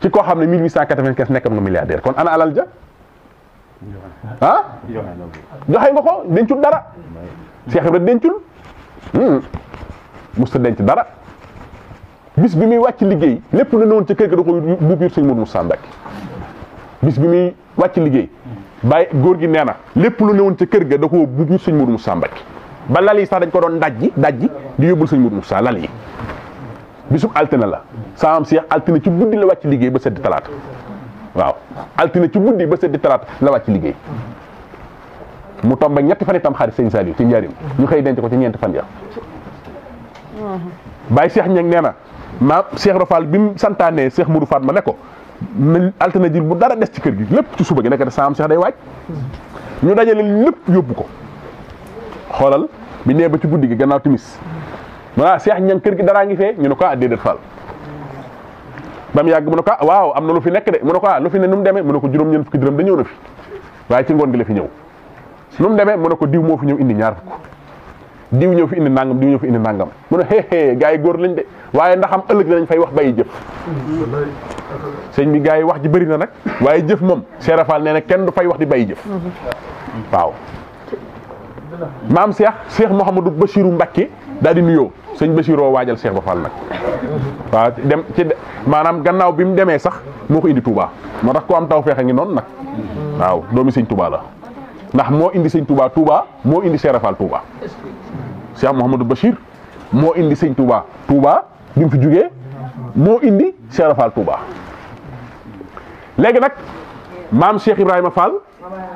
ci koo xam ne 1895 nekkam nga milliardaire kon ana alal ja ah joxe nga ko dencul dara Cheikh Ibrahima dencul hmm. musta denc dara bis bi muy wàcc liggéey lépp lu ne woon ci kër ga da ko buub yur sëñ Mourou Moussa Mbacke bis bi muy wàcc liggéey bàyyi góor gi nee na lépp lu newoon ca kër ga da koo buub ñu sëñ Mourou Moussa Mbacke ba lal yi sax dañ ko doon dajji dajji di yóbbul sëñ mu Moussa lal yi bisub altine la saa seex altine ci guddi la wàcc liggéey ba seddi talaata waaw altine ci guddi ba seddi talaata la wàcc liggéey mu tombe ak ñetti fan itam xarit sëñ Saliou ci njaarim ñu xëy denc ko ci ñeenti fan ya bàyyi seex ñag nee na maam seex Rofal bi mu santaane seex Mourou Fatma ne ko nañ altine ji bu dara des ci kër gi lépp ci suba gi nekk saam seex day waaj ñu dajale lépp yóbbu ko xoolal bi nee ba ci guddi gi gannaaw timis voilà seex ñang kër gi daraa ngi ñu ne ko ah déedéet Fall ba mu mu ne ah waaw am na lu fi nekk de mu ne ko ah lu fi ne nu mu demee mu ne ko juróom-ñeent fukki dërëm da ñëw na fi waaye ci ngoon gi la fi ñëw nu mu demee mu ne ko diw moo fi ñëw indi ñaar fukk diw ñëw fi indi nangam diw ñëw fi indi nangam mu ne xeexee gars yi góor lañ de waaye ndax am ëllëg dinañ fay wax bàyyi jëf sëñ bi gars yi wax ji bari na nag waaye jëf moom Cheikh Fall nee na kenn du fay wax di bàyyi jëf waaw maam Cheikh Cheikh Mouhamadou Bachirou Mbacke daal di nuyoo sëñ Bachiroo waajal seex Ba Fall nag waaw dem ci maanaam gannaaw bi mu demee sax moo ko indi Touba moo tax ko am taw feex a ngi noon nag waaw doomi sëñ Touba la ndax mo indi seigne Touba Touba mo indi Cheikh Rafal Touba Cheikh mohamed Bachir mo indi seigne Touba Touba bim fi jugge mo indi Cheikh Rafal Touba legui nak mam Cheikh ibrahim Fall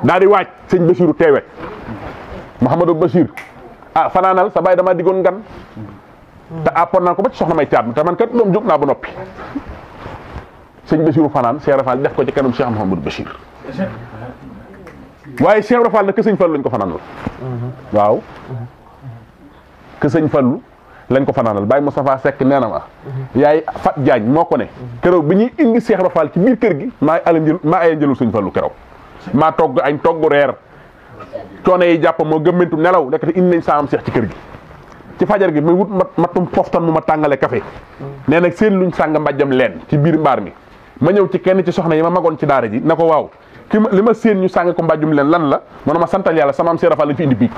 dadi wacc seigne sëñ Bachirou teewe Mouhamadou Bachir ah fananal sa bay dama digon gan ta àppoon naa ko ba ci soxna may tiad ta man kat doom jóg ba nopi seigne Bachirou fanan Cheikh Rafal def ko ci kanam Cheikh mohamed Bachir waaye Cheikh Ibra Fall nag ke Fallu lañ ko fanaanal mm-hmm. waaw mm-hmm. ke sëñ Fallu lañ ko fanaanal Baye Moustapha Seck nee na ma mm-hmm. yaay Fat Diagne moo ko ne keroog bi ñuy indi Cheikh Ibra Fall ci biir kër gi maa ala njël maa aye Fallu keroog maa togg añ togg reer coono yi jàpp moo gëmmentu nelaw nekkati indi nañ saam Cheikh ci kër gi ci fajar gi muy wut matum poftan mu ma tàngale café nee seen luñ sàng mbàjjam leen ci biir mbaar mi ma ñëw ci kenn ci soxna yi ma magoon ci daara ji na ko waaw ki ma li ma séen ñu sàng ko mbàjjum leen lan la man ma santal yàlla sama am Seex Ibra Faal lañ fi indi biig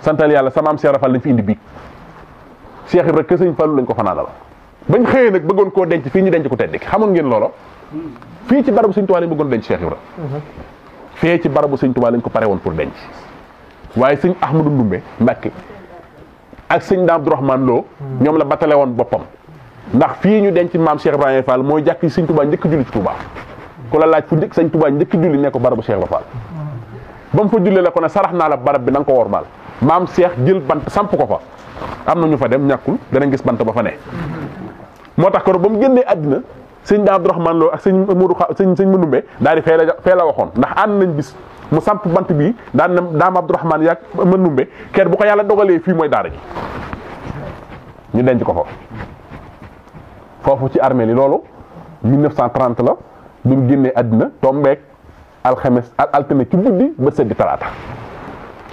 santal yàlla sama am Seex Ibra Faal lañ fi Sëñ Fallu lañ ko fanaanal bañ xëyee nag bëggoon koo denc fii ñu denc ko tedd ki xamoon ngeen loolo fii ci barabu Sëñ Tuubaa lañ bëggoon denc Seex Ibra fee ci barabu Sëñ Tuubaa ko pare woon pour denc waaye sëñ Ahmadu Ndumbe Mbàkke ak sëñ Daam Abdourahmane Lo ñoom la batale woon boppam ndax fii ñu denc maam Cheikh Ibrahima Fall mooy jàkk yi sëñ Touba njëkk julli ci Touba ko la laaj fu dik seigne touba ndik julli ne ko barabu Cheikh Ibra bam fa julle la ko ne sarax naa la barab bi nang ko wor bal mam Cheikh jël bant samp ko fa amna ñu fa dem da na gis bant ba fa ne motax ko bam ba adina seigne abdou rahman Lo ak seigne Modou sëñ seigne Mandumbe daal di fee la fe la waxon ndax an nañ bis mu samp bant bi daan na abdou rahman yak Mandumbe ker bu ko yalla dogalee fi moy daara gi ñu denc ko fa fofu ci armée li lolu 1930 la bi mu génnee àddina tombeek alxames al altine ci guddi ba sëgg talaata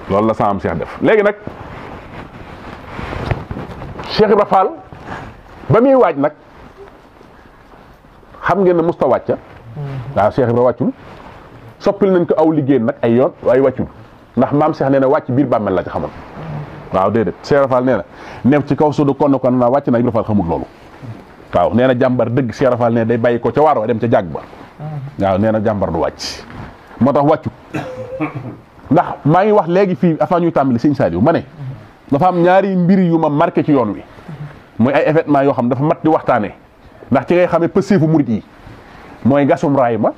loolu la sama am Cheikh def léegi nag Cheikh Ibra Fall ba muy waaj nag xam ngeen ne musta wàcca waaw Cheikh Ibra wàccul soppil nañ ko aw liggéey nag ay yoon waay wàccul ndax maam Cheikh nee na wàcc biir bàmmeel la ci xamoon waaw déedéet Cheikh Ibra Fall nee na neef ci kaw suddu kon kon naa wàcc na Ibra Fall xamul loolu waaw nee na jàmbar dëgg Cheikh Ibra Fall day bàyyi ko ca waar wa dem ca jàgg ba waaw neena jambar du wacc motax waccu ndax ma ngi wax léegi fi afa ñu tambali seigne Saliou mané dafa am ñaari mbir yu ma marqué ci yoon wi moy ay événement yo xam dafa mat di waxtane ndax ci ngay xamee pëseefu murit yi gasum raay ma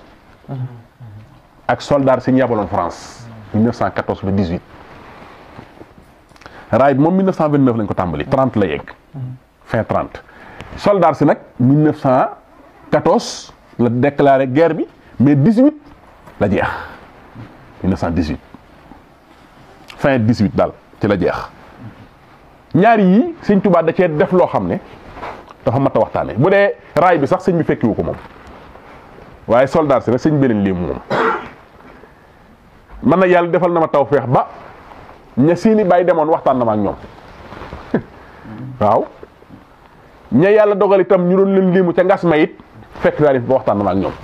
ak soldat si ñu France 1914 ba 18 ray mom 1929 lañ ko tambali 30 la yegg fin 30 soldat si nak 1914 la déclaré guerre bi mais 18 la jeex 1918 fin 18 daal ci la jeex ñaari yi sëñ Tuubaa da cee def loo xam ne dafa mat a waxtaane bu dee raay bi sax sëñ bi fekkiwu ko moom waaye soldat si rek sëñ bi leen lii moom man na yàlla defal na ma taw feex ba ña seeni bàyyi demoon waxtaan na ma ak ñoom waaw ña yàlla dogal itam ñu doon leen liimu ca ngas ma it fekk naa leen ba waxtaan na ak ñoom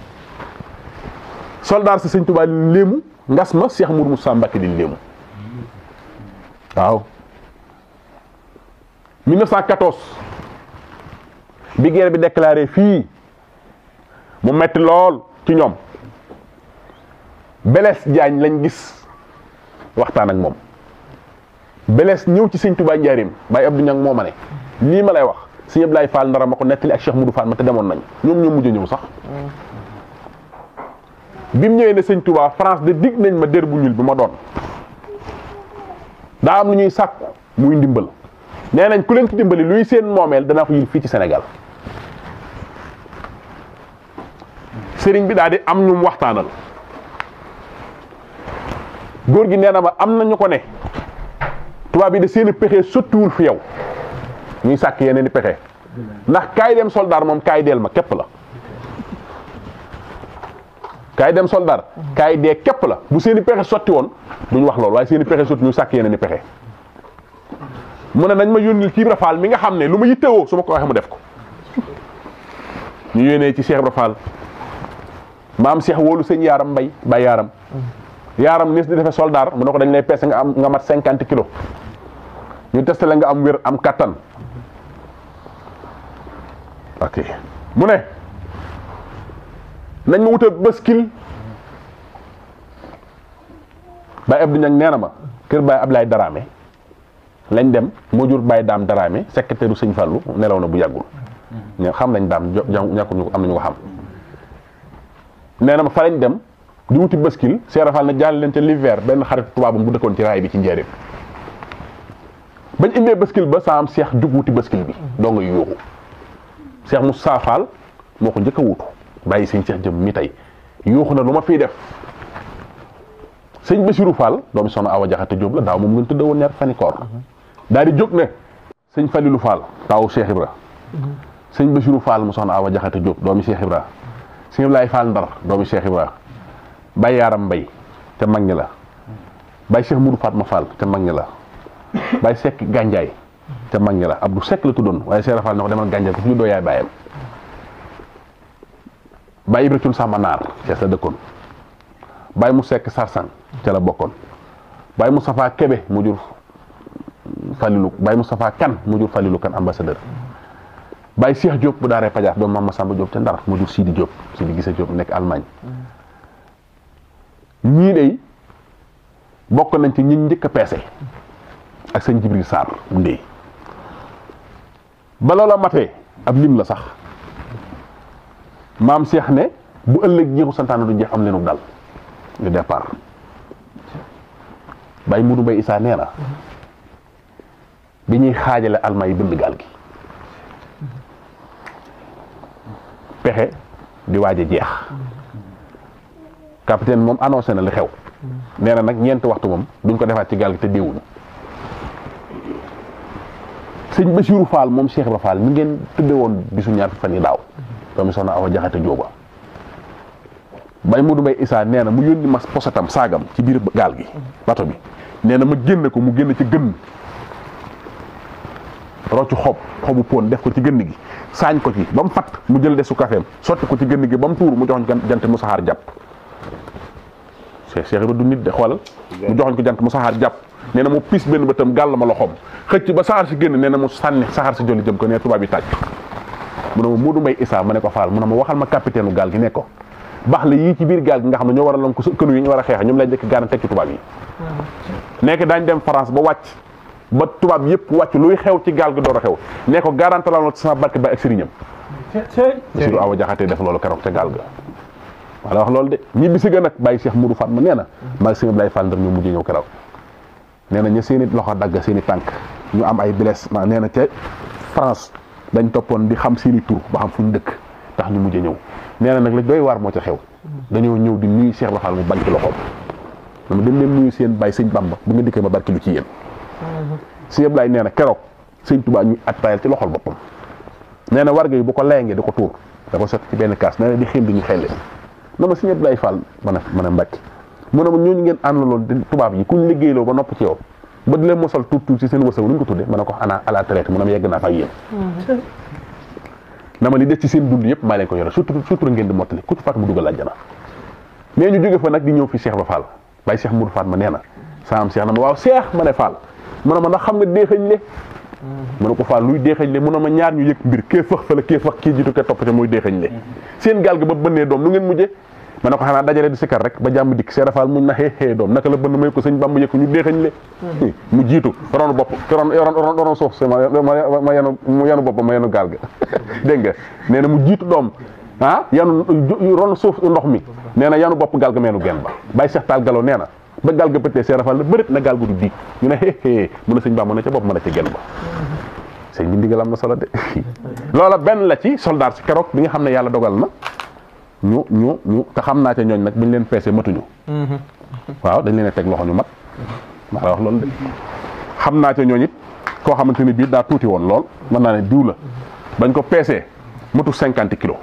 soldaar si sëñ Tuubaa léemu ngas ma Cheikh Mourou Moussa Mbacké di léemu waaw 1914 bi guerre bi déclaré fii mu metti lool ci ñoom Blaise Diagne lañ gis waxtaan ak moom Blaise ñëw ci sëñ Tuubaa njaarim Baye Abdou ñang moo ma ne lii ma lay wax si Ablaye Fall ndara ma ko nettali ak Cheikh Moudou Fall ma te demoon nañ ñoom ñoo mujj ñëw sax bi mu ñëwee ne sëñ Touba France de dig nañ ma dér bu ñuul bi ma doon daa am lu ñuy sàkku muy ndimbal nee nañ ku leen ci dimbali luy seen moomeel danaa ko yil fii ci senegal sëriñ bi daal di am ñum waxtaanal góor gi nee na ma am na ñu ko ne tubaab yi de seen pexe sottiwul fi yow. ñuy sàkk yeneen i pexe ndax kaay dem soldaar moom kaay deel ma képp la kaay dem soldaar kaay dee képp la bu seen pexe sotti woon duñ wax loolu waaye seen pexe sotti ñu sàkk yeneen i pexe mu ne nañ ma yónnil ci Ibra Faal mi nga xam ne lu ma yittewoo su ma ko waxee mu def ko ñu yónnee ci Cheikh Ibra Faal maam Cheikh wóolu sëñ yaaram mbay bay yaaram yaaram nis di defee soldaar mu ne ko dañ lay peese nga am nga mat cinquante kilos ñu testé la nga am wér am kàttan ok mu ne nañ ma wutal bëskil Baye Abdou Niang nee ma kër ab laay Darame lañ dem moo jur Baye Daam Darame secrétaire Sëñ Fallou nelaw na bu yàggul mhm. xam nañ daam ñàkkul ñu ko am nañu ko xam nee na ma fa lañ dem di wuti bëskil seerafal na jaal leen ca liver benn xarit tubaabam bu dëkkoon ci raay bi ci njëriñ bañ indee bëskil ba saam seex jug wuti bëskil bi mhm. doo nga yuuxu cheikh moussa fall moko ko njëkk baye seigne cheikh jëm mi tay yuuxu na luma fi def seigne bassirou fall doomi sonu awa jaxata jóob la daaw mom ngeen tëdd woon ñaar fani koor mhm. daal di jóg ne seigne falilu fall taw cheikh ibra mhm. seigne bassirou fall mu sonu awa jaxate jóob doomi cheikh ibra seigne ibrahima fall ndar doomi cheikh ibra bay yaram mbay te magni la mhm. bay cheikh mourou fatma fall te magni la bay sekk ganjay ca mag la Abdou sek la tudon waye cheikh rafal noko demal ganjal ko fi ñu doo yaay bàyyam Baye Ibra samanar Samba ca sa dëkkoon Baye mu sek Sarsan ca la bokkoon Baye mustafa Kebe mu jur Falilu Baye mustafa Kan mu jur Falilu Kan ambassadeur Baye Cheikh Diop bu daaree Pajaar do Mama Samba Diop te Ndar mu jur Sidi Diop Sidi gisse Diop nek almagne ñii day bokk nañ ci ñi ñëk a ak sëñ Jibril sar ndey ba loola matee ab lim la sax maam seex ne bu ëllëg jeexu santaane du jeex am leenu daal ñu départ bay mudu bay isaa nee na bi ñuy xaajale alma yi gaal gi pexe di waaj a jeex capitaine moom annoncé na li xew nee na nag ñeent waxtu moom duñ ko defaat ci gaal gi te déewuñu seigne Bassirou Fall mom Cheikh Ibra mi ngeen tudde won bisu ñaar fani daw daaw doomi soxna Awa jaxata Jóoba bay Modou bay isa neena mu yónni mas posatam sagam ci bir gal gi bato bi neena ma genn ko mu genn ci genn rocc xop xobu pon def ko ci genn gi sañ ko ci bam fat mu jël desu kafeem soti ko ci genn gi bam tour mu joxon jant musahar japp Cheikh Cheikh du nit de xoolal mu joxon ko jant musahar japp nee mu pis ben beutam gal ma loxom xecc ba sahar ci genn nee mu sanni sahar ci joli jëm ko ne tuba bi tajj mu no ma Modou Mbaye Issa ma ko faal mu no ma waxal ma capitaine gal gi ne ko bax la yi ci bir gal gi nga ño ko yi ñu wara xex lay gaana ci dem France ba wacc ba bi yépp wacc luy xew ci gal gi door a xew ne ko garanté la sama barke ba ak ci ci awu Jaxate def lolu keroog ca gal ga wala wax lolu de ñibisi ga nak baye Cheikh mourou Fatma nee mm-hmm. Fall ñu mujjé ñew nee na ñu seen loxo dagg seeni tànk ñu am ay bless ma nee na ca France dañ toppoon di xam seeni i tur ba xam fu ñu dëkk tax ñu mujj ñëw nee na nag lañ doy waar moo ca xew dañoo ñëw di nuyu Cheikh Ibra Fall mu bañ ci loxoom dama dem leen nuyu seen bàyyi sëñ Bamba bu nga dikkee ma barki lu ci yéen sëñ Ablaye nee na keroog sëñ Tuubaa ñu attaayal ci loxol boppam nee na warga yi bu ko layangee di ko tuur da ko sotti ci benn kaas nee na di xiim di ñu xelle na ma sëñ Ablaye Fall mën a mën a mbàkki mu ne ma ñooñu ngeen àndaloon tubaab yi kuñ liggéeyloo ba nopp ci yow ba di leen mosal tuut tuut ci seen wërsëg nu mu ko tuddee ma ne ko ana à la traite ma yegg naa fa ak yéen na ma ni des ci seen dund yëpp maa leen ko yore surtout surtout ngeen di mottali ku ci faatu mu dugal àjjana mais ñu jóge fa nag di ñëw fi Cheikh Ba Fall bay Cheikh Moudou Fall ma nee na saam seex na ma waaw Cheikh ma ne Fall mu ne ma ndax xam nga déexañ le mu ne ko Fall luy déexañ le mu ne ma ñaar ñu yëg mbir kee fëx kii jiitu te seen ga ba bënnee doom nu ngeen ma ne ko xanaa dajale di sikkar rek ba jàmm dikk seerafaal muñ na xeexee doom naka la bënn may ko sëñ bàmb yëkk ñu déexañ le hmm. mu jiitu ronu bopp te ma yenu mu yenu bopp ma yenu gaal ga ah, ndox mi nee na yanu bopp gaal ga meenu genn ba bàyyi seex nee na ba gaal ga pëttee la bërit na gaal gu du ñu ne xeexee mu ne sëñ ca bopp mën a ca genn ba hmm. sëñ bi ndigal am na solo de loola benn la ci soldaar si keroog bi nga xam ne yàlla dogal na ñu ñu ñu te xam naa ca ñooñ nag buñ leen peese matuñu mm-hmm. waaw dañ leen a teg loxo ñu mat maa la wax loolu de xam naa ca ñooñ it koo xamante ni bii daa tuuti woon lool mën naa ne diw la bañ ko peese matu cinquante kilo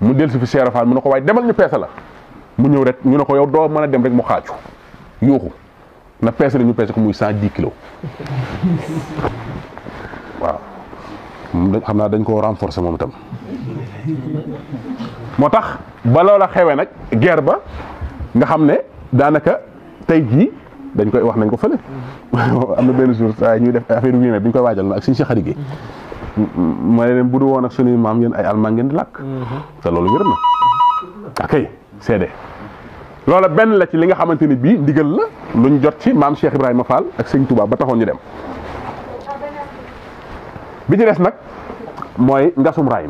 mu dellu si fi Cheikh Fall mu ne ko waaye demal ñu peese la mu ñëw rek ñu ne ko yow doo mën a dem rek mu xaaju yuuxu na peese la ñu peese ko muy cent dix kilo waaw xam naa dañ ko renforcer moom itam moo balola ba gerba ngahamne nag guerre ba nga xam ne daanaka tey dañ koy wax nañ ko fële am na jour saa ñuy def affaire yu ne koy waajal ak suñu si xarit ma leen bu du ak suñuy mam yéen ay almaan ngeen di làkk te loolu wér na akay la ci li nga ndigal la luñ jot ci Cheikh Ibrahima Fall ak Touba ba ñu dem ngasum raay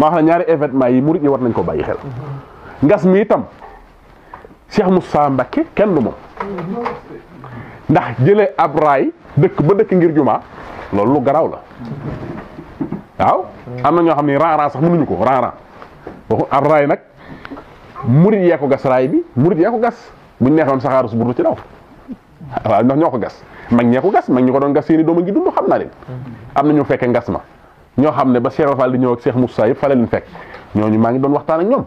ma wax ñaari événement yi mourid yi war nañ ko bayyi xel ngas mi tam cheikh moussa mbakke kenn du ndax jele abray dekk ba dekk ngir juma loolu lu graw la waaw am na ñoo xam sax mënuñu ko waxu abray nak mourid murid ko gas ray bi murid ya ko gas buñ neexon saxaru su burdu ci daw waaw ndax ño ko gas mag ñee gas mag ñi ko doon gas seeni doom gi dundu xamna leen am ñu fekke gas ma ñoo xam ne ba Cheikh Fall di ñëw ak Cheikh Moussa yëpp fa la leen fekk ñooñu maa ngi doon waxtaan ak ñoom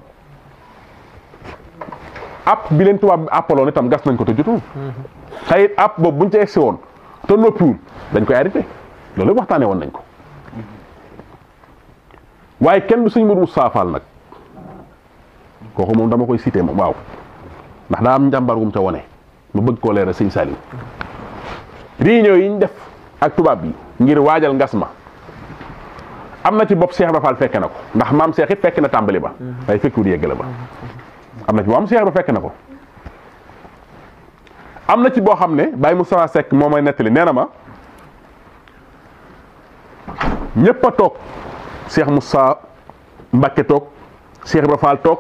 app bi tubaab bi appaloon itam gas nañ ko te jotul xëy mhm. it app boobu buñ ca woon te noppiwul dañ koy arrêté loolu yëpp waxtaanee woon nañ ko mhm. waaye kenn du sëñ Mourou Moussa Fall nag kooku moom dama koy cité moom waaw ndax daa am njàmbar ca wone ma bëgg koo leeral sëñ Saliou réunion yi ñu def ak tubaab bi ngir waajal ngas ma am na ci bopp seex Ibra Fall fekke na ko ndax maam Cheikh it fekk na tàmbali ba waaye mhm. fekkiwul yëggale ba am na ci am Cheikh Ibra fekk na ko am na ci boo xam ne Baye Moustapha Seck moo may nettali nee na ma ñëpp a toog Cheikh Moussa Mbacke toog Cheikh Ibra toog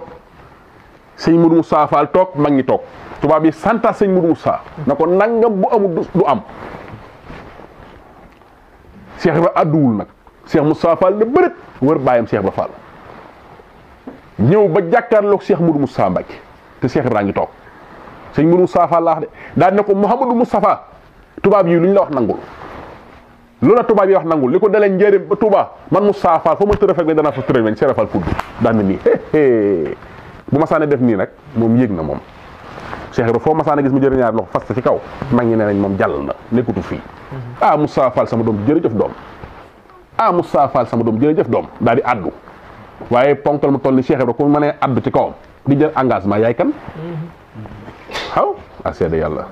sëñ Mourou Moussa toog mag ñi toog tubaab yi santa sëñ Mourou Moussa na ko nangam bu amul du am Cheikh ba àdduwul nag cheikh moussa fall ne bërët wër bayam cheikh ba fall ñëw ba jàkkaarloog cheikh mourou moussa mbacke te cheikh rangi tok cheikh mourou moussa fall laax de daan ne ko mouhamadou moustapha tubaab bi luñ la wax nangul lu la tubaab yi wax nangul liko dalé dalee ba tuba man moussa fall fa ma tërëf dana fa tërëf leen cheikh fall pudd daan ne ni bu ma sané def ni nak mom yegg na mom cheikh ibra ma sané gis mu ñaar loxo fast ci kaw ma ñi ne nañ mom jall na nekutu fi mhm. ah moussa fall sama doom jërëjëf dom a ah, musa Fall sama dom jërëjëf dom dal di addu waaye ponkal mu tolli Cheikh Ibrahima mané addu ci kawam di jël engagement yaay kan haw a seede yàlla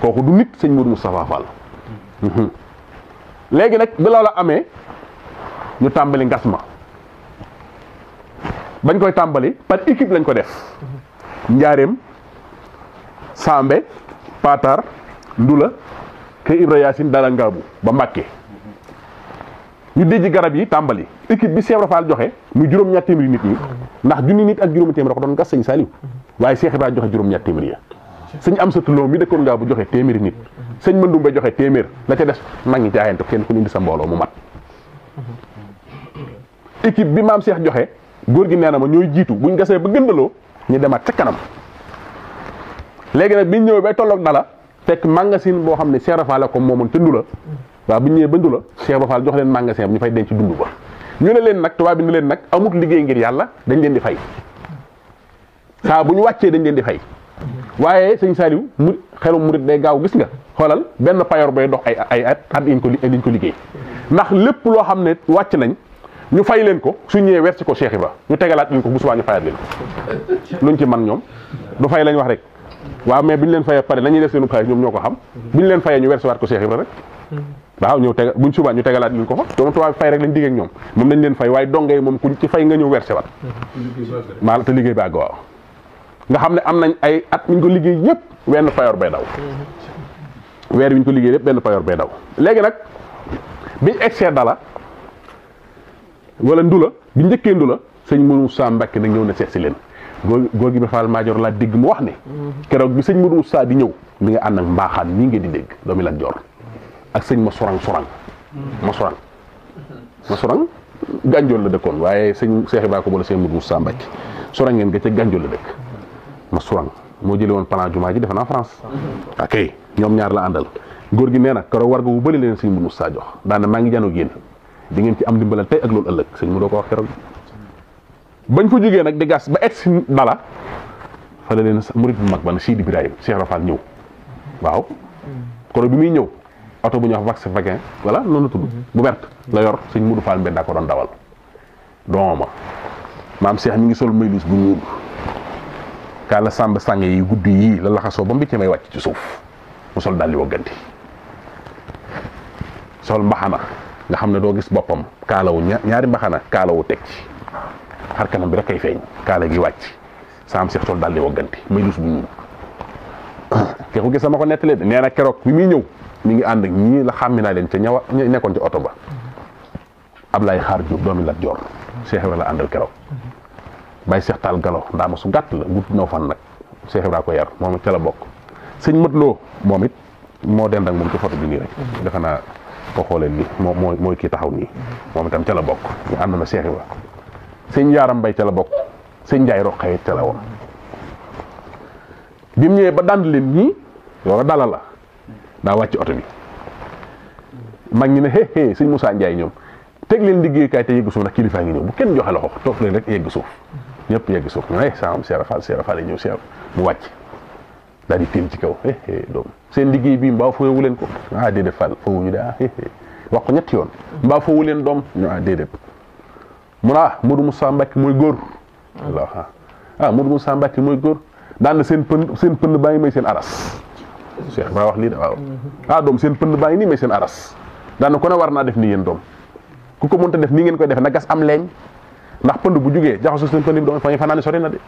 kooku du nit seigne modou Moustapha Fall mhm. léegi nak bi lawla amé ñu tambali ngasma bañ koy tambali par équipe lañ ko def ndiarém Sambe Patar Ndula ke Ibra yassine dara ngaabu ba Mbàkke ñu déjji garab yi tàmbali équipe bi Cheikh Ibra joxe mu juróom-ñaar téeméeri nit ñi ndax junni nit ak juróomi téeméer ko doon gas sëñ Saliou waaye Cheikh Ibra joxe juróom-ñaar téeméer ya am sa tulloo mi dëkkoon ngaa bu joxe téeméeri nit sëñ Mandoumbe joxe téeméer la ca des mag ñi jaayante kenn ku ñu indi sa mbooloo mu mat équipe bi maam Cheikh joxe góor gi nee na ma ñooy jiitu buñ gasee ba gëndaloo ñu demaat ca kanam léegi nag biñ ñëwee bay tolloog dala fekk magasin boo xam ne Cheikh Ibra Fall la ko moomoon te ndu la waaw bu ñu ñëwee ba Ndula Cheikh Ba Fall jox leen magasin ñu fay denc dund ba ñu ne leen nag tubaab bi ne leen nag amut liggéey ngir yàlla dañ leen di fay saa bu ñu wàccee dañ leen di fay waaye sëñ Saliou mu xelum murit day gaaw gis nga xoolal benn payor bay dox ay ay at at ñu ko liñ ko liggéey ndax lépp loo xam ne wàcc nañ ñu fay leen ko su ñëwee weer ci ko Cheikh Ibrahima ñu tegalaat leen ko bu subaa ñu fayaat leen ko luñ ci man ñoom du fay lañ wax rek waaw mais bu ñu leen fayee pare la def seen xaalis ñoom ñoo ko xam bi ñu leen fayee ñu ko Cheikh Ibrahima waaw ñëw teg buñ subaa ñu tegalaat ñu ko fa doom tubaab fay rek lañ digg ñoom moom lañ leen fay waaye dongee moom kuñ ci fay nga ñëw verse wat maanaam te liggéey ba àgg nga xam ne am nañ ay at ñu ko liggéey yëpp wenn payoor bay daw weer wi ko liggéey yëpp benn payoor bay daw léegi nag biñ egsee dala wala ndula bi njëkkee ndula sëñ Moussa mbakki nag ñëw na seet si leen góor gi ba faal maajoor laa dégg mu wax ne keroog bi sëñ Moussa di ñëw mi nga ànd ak mbaaxaan mii ngeen di dégg doomi Lat Joor ak sëñ ma surang surang ma surang ma surang gànjool la dëkkoon waaye sëñ Cheikh Ibra ko boole sëñ Mourou Moussa Mbacke surang ngeen ga ca gànjool la dëkk ma surang moo jëlee woon plan jumaa ji defe naa France ok ñoom ñaar la àndal góor gi nee na war warga wu bëri leen sëñ Mourou Moussa jox daana maa ngi janoo yéen di ngeen ci am dimbalal tey ak loolu ëllëg sëñ mu doo ko wax keroog bañ fa jógee nag di gas ba egg si dala fa la leen mu bu mag ba na Sidi Ibrahima Cheikh Rafal ñëw waaw keroog bi auto bu ñuy wax vaccin vaccin voilà nonu tuddu mhm. bu bert la yor seigne fall mbeda ko don dawal doma maam cheikh mi ngi sol maylus bu ñuul kaala samba sangé yi gudd yi la laxaso ba ci may wacc ci suuf mu sol dalli wagganti sol mbaxana nga xamne do gis bopam kala wu ñaari mbaxana wu tek ci har kanam bi rakay feñ kala gi wacc sam cheikh sol maylus bu ke sama ko nettalee néna kérok bi mi ñew mi ngi and ak ñi la xamina len leen ca ñawa ña nekkoon ci auto ba ablay Xaar Diop doomi la jor Cheikh wala andal kéro bay Cheikh tal Galo ndaama su gatt la gudd no fan nak Cheikh Ibra ko yar momi ci la bok señ matlo momit mo dend ak mom ci photo bi ni rek defe naa ko xoolee ni moo mooy ki taxaw ni momi tam ci la bok ñu and na Cheikh Ibra señ yaram bay ci la bok señ jay roxay ci la won bim ñewé ba dand leen ni yo dalala daa wàcc oto bi mag ñi ne hé hé sëñ Moussa Ndiaye ñoom teg leen liggéeykaay te yegg suuf ndax kilifaa ngi ñëw bu kenn joxe loxo toog leen rek yegg suuf ñëpp yegg suuf ñu ne saam Seera Fall Seera Fall ñëw mu wàcc daal di tiim ci kaw hé doom seen liggéey bi mbaa foowu leen ko ah déedéet Fall foowu ñu de ah hé ñetti yoon mbaa foowu leen doom ñu ah mu naa ah, Modou Moussa Mbacke mooy góor allah ah Modou mooy góor daan seen pën seen pënd baa may seen aras cheikh ma wax li de waaw ah dom seen ba ni may seen aras Dan ko na war def ni yeen dom ku ko def ni ngeen koy def na gas am leñ ndax pënd bu jaxu so seen pënd bi do fa ñu fanaani sori na de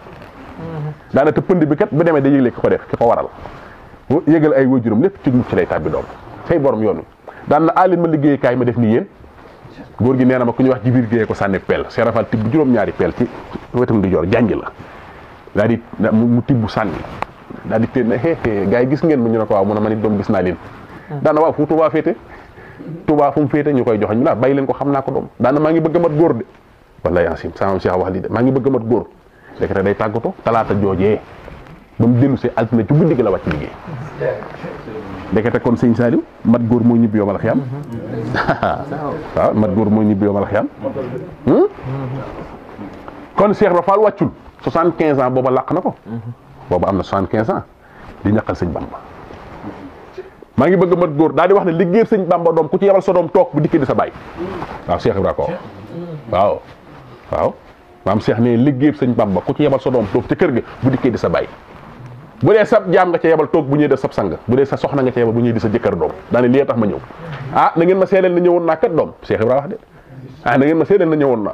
daana te pënd bi kat bu demee day yëgle ko def ko waral yegal ay wajurum lepp ci ci lay tabbi dom say borom yoonu daan na aalin ma kay ma def ni yeen góor gi repel ma ku ñuy wax jibir muti ko tib juroom ñaari pel ci wetam di jor jangila la mu tibbu sanni daal di téen ne xeexee gars yi gis ngeen mu ñu ne ko waaw mu ne man it doom gis naa leen ah. daana waaw fu Touba féete Touba fu mu féete ñu koy joxeñ mi naa ah, bàyyi leen ko xam naa ko doom daana maa ngi bëgg a mat góor de wallaay ancim samam Cheikh wax lii de maa ngi bëgg a mat góor dekete day tàggato talaata joojee ba mu dellu see altina ci guddi gi la wàcc liggéey mat góor moo ñibbi yomal góor moo ñibbi yomal hmm? mm-hmm. kon Cheikh Ibra Fall wàccul soixante quinze ans booba làq na ko mm-hmm. bobu amna 75 ans di ñaqal señ bamba ma ngi bëgg a mat góor daal di wax ne liggéey señ bamba doom ku ci yebal sa doom toog bu dikki di sa bay waaw Cheikh Ibra ko waaw waaw maam Cheikh ne liggéey señ bamba ku ci yebal sa doom toog ci kër ga bu dikki di sa bay bu dé sap jam nga ci yebal tok bu ñëw de sap sang bu dé sa soxna nga ci yebal bu ñëw di sa jëkkër doom daal li tax ma ñëw ah na ngeen ma seedeel na ñëwoon na kat doom Cheikh Ibra wax dé ah na ngeen ma seedeel na ñëwoon na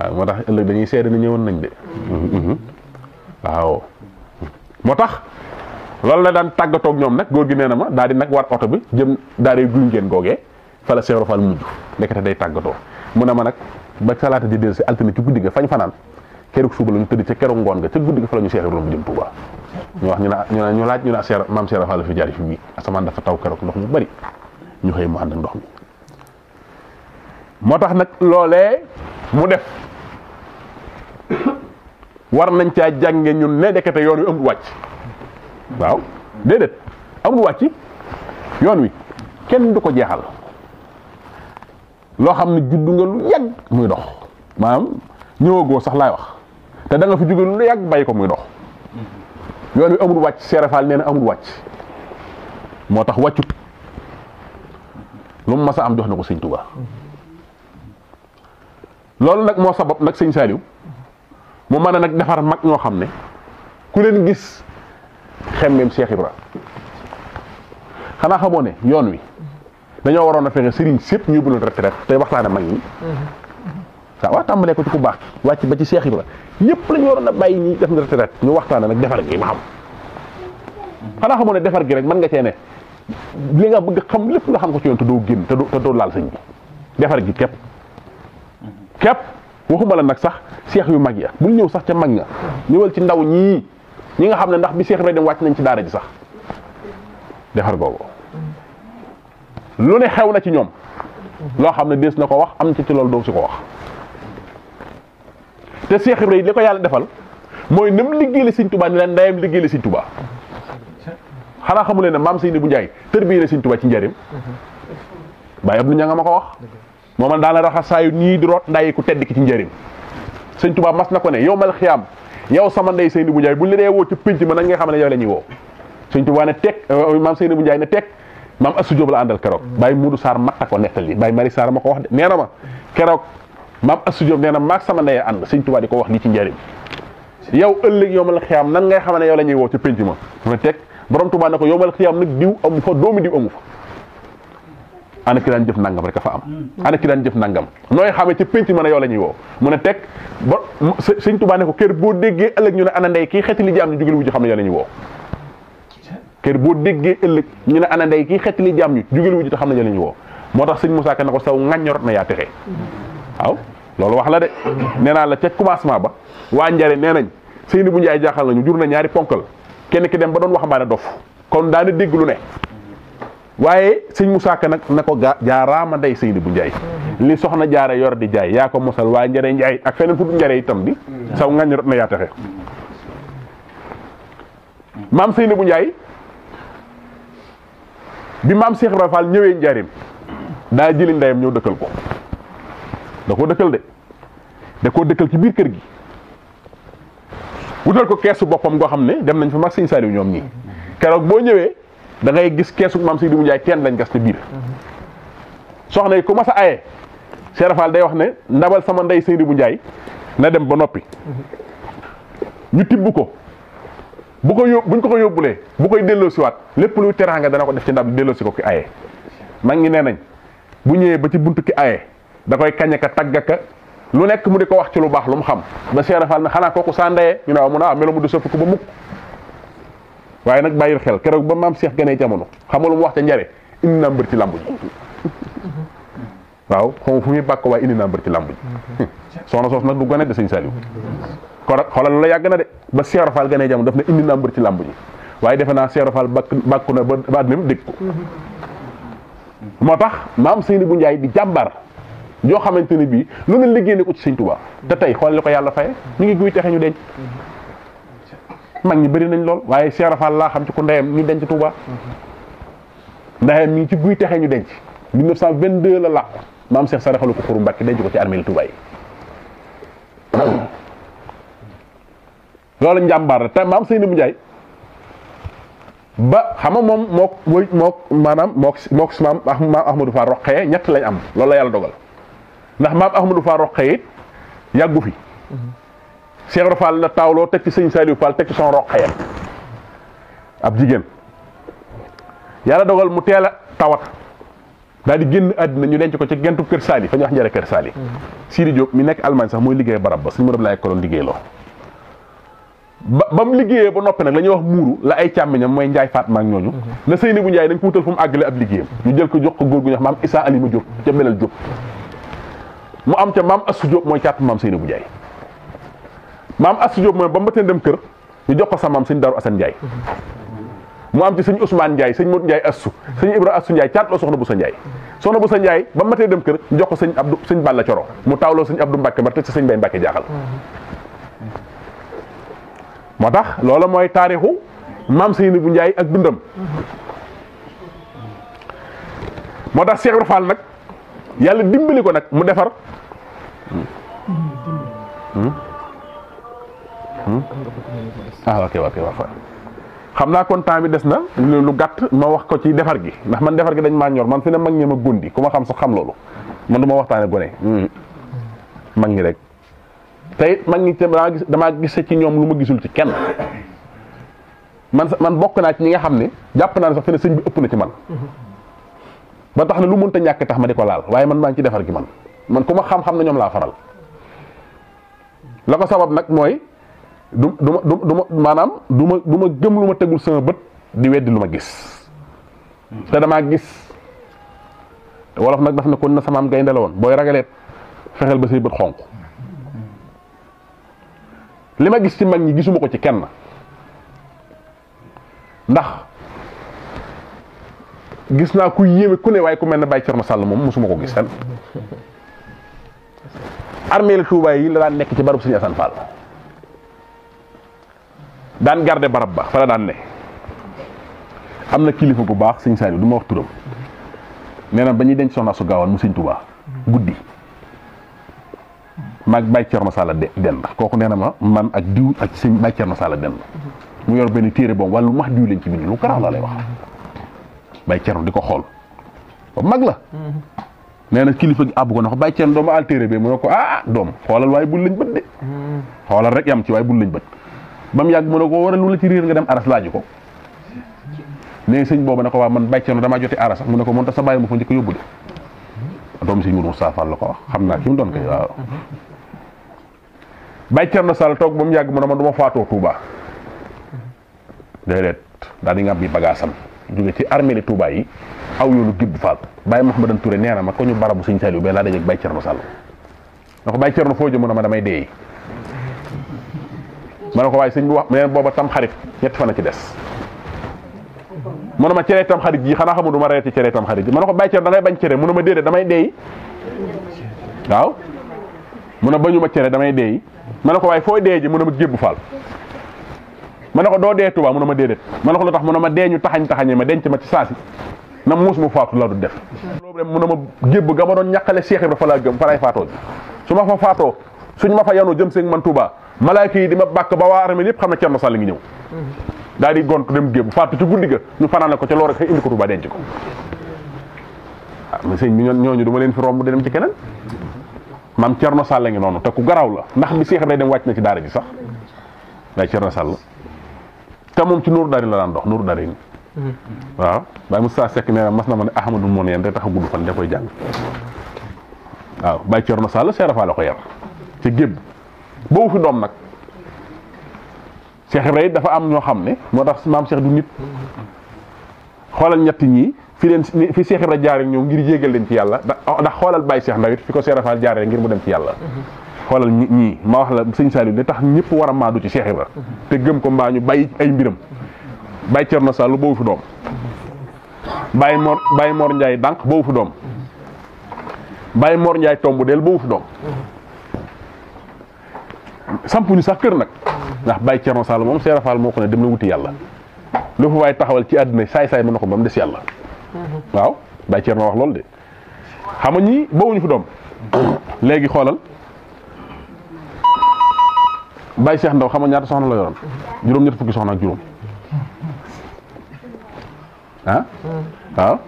ah motax ëlëk dañuy sédel na ñëwoon nañ dé hmm mhm. hmm waaw moo tax loolu la daan tàggatoog ñoom nag góor gi nee na ma daal di nag war oto bi jëm daal di guy ngeen googee fa la seero fal mujj nekkate day tàggatoo mu ne ma nag ba salaata di dellu si altine ci guddi ga fañ fanaan keroog suba la ñu tëdd ca keroog ngoon nga ca guddi ga fa la ñu seexi romb jëm Touba ñu wax ñu naa ñu laaj ñu naa seer maam seera fal fi jaar fi mi asamaan dafa taw keroog ndox mu bari ñu xëy mu ànd ndox mi moo tax nag loolee mu def war nañ ca jànge ñun ne dekete yoon wi amul wàcc waaw déedéet amul wàcc yoon wi kenn du ko jeexal loo xam ne judd nga lu yàgg muy dox maanaam ñëwagoo sax laay wax te da nga fi jóge lu yàgg bàyyi ko muy dox yoon wi amul wàcc seerafaal nee na amul wàcc moo tax wàccut lu mu mas a am jox na ko sëñ tuba loolu nag moo sabab nag sëñ Saliou mu mën nak nag defar mag ñoo xam ne ku leen gis xemmeem Cheikh Ibra xanaa xamoo ne yoon wi dañoo waroon a fexe sëriñ sépp ñu buloon retraite tey waxtaane mag ñi waaw waa tàmbalee ko ci ku baax wàcc ba ci Cheikh Ibra ñëpp la ñu waroon ñi def na retraite ñu waxtaane nag defar gi ma xam xanaa defar gi rek mën nga cee ne li nga bëgg xam lépp nga xam ko ci yoon te doo génn te bi defar gi waxuma la nag sax seex yu mag ya bul ñëw sax ca mag nga ñëwal ci ndaw ñii ñi nga xam ne ndax bi seex Ibrahima dem wàcc nañ ci daara ji sax defar googu lu ne xew na ci ñoom loo xam ne dees na ko wax am ci ci loolu doo si ko wax te seex Ibrahima li ko yàlla defal mooy nam liggéeyal Sëñ Tuubaa ni leen ndeyam liggéeyal Sëñ Tuubaa xanaa xamu leen ne maam Seydi bu Njaay tër bii la Sëñ Tuubaa ci njëriñ bàyyi ab nu ña nga ko wax momal dana raxasaayu ni di rot nday ku tedd ki ci njëriñ seigne touba mas na ko ne yow khiyam yow sama nday seigne bu njaay bu la wo. ci pénc man nga xam ne yow la wo seigne touba tubaab ne mam euh, euh, maam seyni bu njaay ne tek mam asu jóob la andal keroog bay mudu sar mat ko nettali bay mari sar mako wax de ma asu jóob mak sama nday and seigne touba di wax ni ci njëriñ yow ëllëg yowmal khiyam nan nga xam yow wo ci ma mu tek borom touba nako ko khiyam nak diw amu fa doomi diw amu fa ana ki daan jëf nangam rek a fa am ana ki daan jëf nangam nooy xamee ci pénc mën a yow la ñuy woo mu ne teg ba sëñ Tuubaa ne ko kër boo déggee ëllëg ñu ne ana ndey kii xeeti li jaam ñu li jaam ñu jugal wu ji te xam woo moo tax sëñ Moussa Ka ne ko saw ŋàññorot na yaa texe waaw loolu wax la de nee naa la ca commencement ba waa njare nee nañ Seydou bu Njaay jaaxal nañu jur na ñaari ponkal kenn ki dem ba doon waxambaane dof kon daana dégg lu ne waaye sëñ mu Ka nag na ko gaa jaaraama ndey bu Ndiaye mm-hmm. li soxna jaara yor di jaay yaa ko mosal waaye njare njaay ak feneen fu du njare itam bi mm-hmm. saw ngañ rot na yaa taxe maam Seydou Ndiaye bi maam Cheikh Ibrahima Fall ñëwee njaarim daa jëli ndeyam ñëw dëkkal ko da koo dëkkal de da koo dëkkal ci biir kër gi wutal ko keesu boppam goo xam ne dem nañ fa mag sëñ Saliou ñoom ñii mm-hmm. keroog boo ñëwee da ngay gis kessu mam Seydou Ndiaye teen lañ gas te bir soxna yi ku mas a di Serafal day wax né ndabal sama ndey Seydou Ndiaye na dem ba nopi ñu tibbu ko bu ko yob buñ ko ko yobulé bu koy dana ko def ci ndab ci ko ki ayé mag ngi né nañ bu ñëwé ba ci buntu ki ayé da koy kañ ka tagga ka lu nekk mu di ko wax ci lu bax lu mu xam ba Serafal na xana koku sa ndeyee ñu na mu na ah, melo mu du ko ba mukk waaye nag bàyyil xel keroog ba maam Cheikh gane jamono xam nga lu mu wax ca njare indi naa mbër ci làmb ji waaw bàkk waaye indi naa mbër ci làmb ji soxna soos nag du gane de sëñ Saliou kon xoolal la yàgg na de ba Cheikh Rafal gane jamono daf na indi na mbër ci làmb ji waaye defe naa Cheikh Rafal bàkk bàkku na ba àddina bi dégg ko moo tax maam bu njaay di jàmbar yoo xamante ne bii lu ne ne ko ci sëñ Tuubaa te tey xool li ko yàlla faye ñu ngi guy texe ñu denc mag ñi bëri nañ lool waaye Cheikh Rafal laa xam ci ku ndeyam mi denc Touba ndeyam mi ngi ci guy texe ñu denc 1922 la làqu maam Cheikh saraxalu ko xuru Mbàkke denc ko ci armée li Touba yi loolu njàmbaar la te maam Seynabou Ndiaye ba xam moom mook woy mook maanaam mook mook si maam maam Ahmadou Fa Roqee ñett lañ am loolu la yàlla dogal ndax maam Ahmadou Fa Roqee it yàggu fi cheikh rofal la tawlo tek ci seigne saliou fall tek ci son roqayam ab jigen yalla dogal mu teel tawat dal di genn adina ñu denc ko ci gentu keur sali fa ñu wax njëre keur sali mm-hmm. Siri Diop mi nek Allemagne sax moy liggéey barab ba seigne mërëb laay ko doon liggéey lo bam ba ba nopi nak la wax muru la ay chamignam moy njaay Fatma ak ñooñu mm-hmm. na Seyni bu Njaay dañ ko wutal fu mu àggale ab liggéeyam ñu jël ko jox ko goor gu ñax wax maam Issa mu Diop ci Melal Diop mu am ci maam Assu Diop moy chat maam Seyni bu Njaay maam Astou Diop mooy ba mbateen dem kër ñu jox ko sa maam sëñ Daaru Assane Ndiaye mu am ci sëñ usmaan Ndiaye sëñ Modou Ndiaye Astou sëñ Ibra Astou Ndiaye caatloo soxna bu sa Ndiaye soxna bu sa Ndiaye ba matee dem kër ñu jox ko sëñ Abdou sëñ Balla Coro mu tawloo sañ ab Mbacke mar te ci sëñ Bay Mbacke jaaxal moo tax loola mooy taarixu maam Seyni bu njaay ak dundam moo tax Cheikh Ibra Fall nag yàlla dimbali ko nag mu defar hmm. Hmm. Hmm? ah ok ok waaw xam naa kon temps bi des na lu gàtt ma wax ko ci defar gi ndax man defar gi dañ maa ñor man fi ne mag ñi ma gundi ku ma xam sax xam loolu man du ma waxtaane gone hmm. mag ñi rek tey mag ñi damaa gis damaa gise ci ñoom lu ma gisul ci kenn man man bokk naa ci ñi nga xam ne jàpp naa ne sax fi ne sëñ bi ëpp na ci man ba tax na lu mënta ñàkk tax ma di ko laal waaye man maañ ci defar gi man man ku ma xam-xam na ñoom laa faral la ko sabab nag mooy du du ma du ma maanaam du ma du ma gëm lu ma tegul sama bët di weddi lu ma gis hmm. te damaa gis wolof nag daf ne kon na samaam gaynde la booy ragaleet fexeel ba say bët xonq hmm. li ma gis ci mag ñi gisuma ko ci kenn ndax gis naa ku yéeme ku ne waaye ku mel ne Baye Thierno sàll moom mosuma ko gis fenn armée la yi la daan nekk ci barab Sëñ Assane Fall Dan garder barab ba fa la dan ne amna kilifa bu baax seigne Saliou duma wax turam neena na ba denc soxna su gawal mu seigne Touba goudi maag bay Thierno Sall den koku neena ma man ak diw ak seigne bay Thierno Sall den mu yor ben tire bon walu max diw lañ ci bindu lu garaaw la lay wax bay Thierno diko xol xool mag la neena kilifa gi abugo ko bay ko Baye Thierno doomu al mu nako ah, ah dom, xolal way bu lañ bët de mm. xolal rek yam ci way bu lañ ba mu yàgg mu ne ko war a lu la ci réer nga dem aras laaju ko léegi sëñ boobu ne ko waa man bàyyi na damaa joti aras mu ne ko mënut a sa bàyyi ma fa njëkk a yóbbu de doom sëñ ko xam naa ki mu doon kay na Sall toog ba mu yàgg mu ne man ma faatoo Touba déedéet daal di am bi bagaasam jóge ci armée li Touba yi aw yoonu gibb faal Baye Mouhamadan Touré nee na ma ko ñu barabu sëñ Saliou ba laa dajeeg bàyyi na Sall na ko na foo jëm mu ma damay dee ma ne ko waaye sëñ bu wax mu booba tam xarit ñetti fan a ci des mu ne ma cere tam xarit ji xanaa xamul du ma reer ci cere tam xarit ji ma ne ko bàyyi cere da ngay bañ cere mu ne ma déedéet damay deey waaw mu ne bañu ma cere damay deey ma ne ko waaye foo dee ji mu ne ma jébbu faal ma ne ko doo dee tubaab mu ne ma déedéet ma ne ko lu tax mu ne ma dee ñu taxañ taxañee ma denc ma ci saasi na muus mu faatu la du def loolu mu ne ma gébb ga ma doon ñàqale Cheikh Ibra fa laa gëm fa laay faatoo su ma fa faatoo suñ ma fa yanoo jëm seen man Touba malaika yi di bak ba waa mi lepp xamna ci cerno sàll ngi ñëw daal di gont dem géebu fatu ci guddiga ñu fanaane ko ci loolu rek indi ko tuba denj ko ah, ma señ mi bi ñooñu duma leen fi romb dem ci keneen maam cerno sàll ngi te ku garaw la ndax bi day dem wacc na ci daara ji sax waaye cerno sall te mom ci nur darin la dan dox nuuru darin waaw baye moussa sek neena mas na ma ne mon yeen day tax guddu fan da koy jàng waaw baye cerno sall sey rafa la ko yar ci géebu ba wu doom nag Cheikh Ibrahima dafa am ñoo xam ne moo tax maam Cheikh du nit xoolal ñetti ñii fi leen fi Cheikh Ibrahima jaare ñoom ngir yéegal leen ci yàlla ndax xoolal Baye Cheikh Ndawit fi ko Cheikh Rafal jaare ngir mu dem ci yàlla xoolal ñii ma wax la sëñ Saliou de tax ñëpp war a maadu ci Cheikh Ibrahima te gëm ko mbaa ñu bàyyi ay mbiram Baye na Sall boobu fi doom Baye Mor Baye Mor Ndiaye dànq boobu fi doom Baye Mor Ndiaye tombu del boobu fi doom ñu sax kër nag ndax Baye Thierno Sall moom Seera Fall moo ko ne dem na wuti yàlla lu fa waay taxawal ci àdduna saay saay mën na ko ba mu des yàlla waaw Baye Thierno wax loolu de xam nga ñii bowuñu fi doom léegi xoolal Baye Cheikh Ndaw xam nga ñaata soxna la yoroon juróom ñett fukki soxna ak juróom ah waaw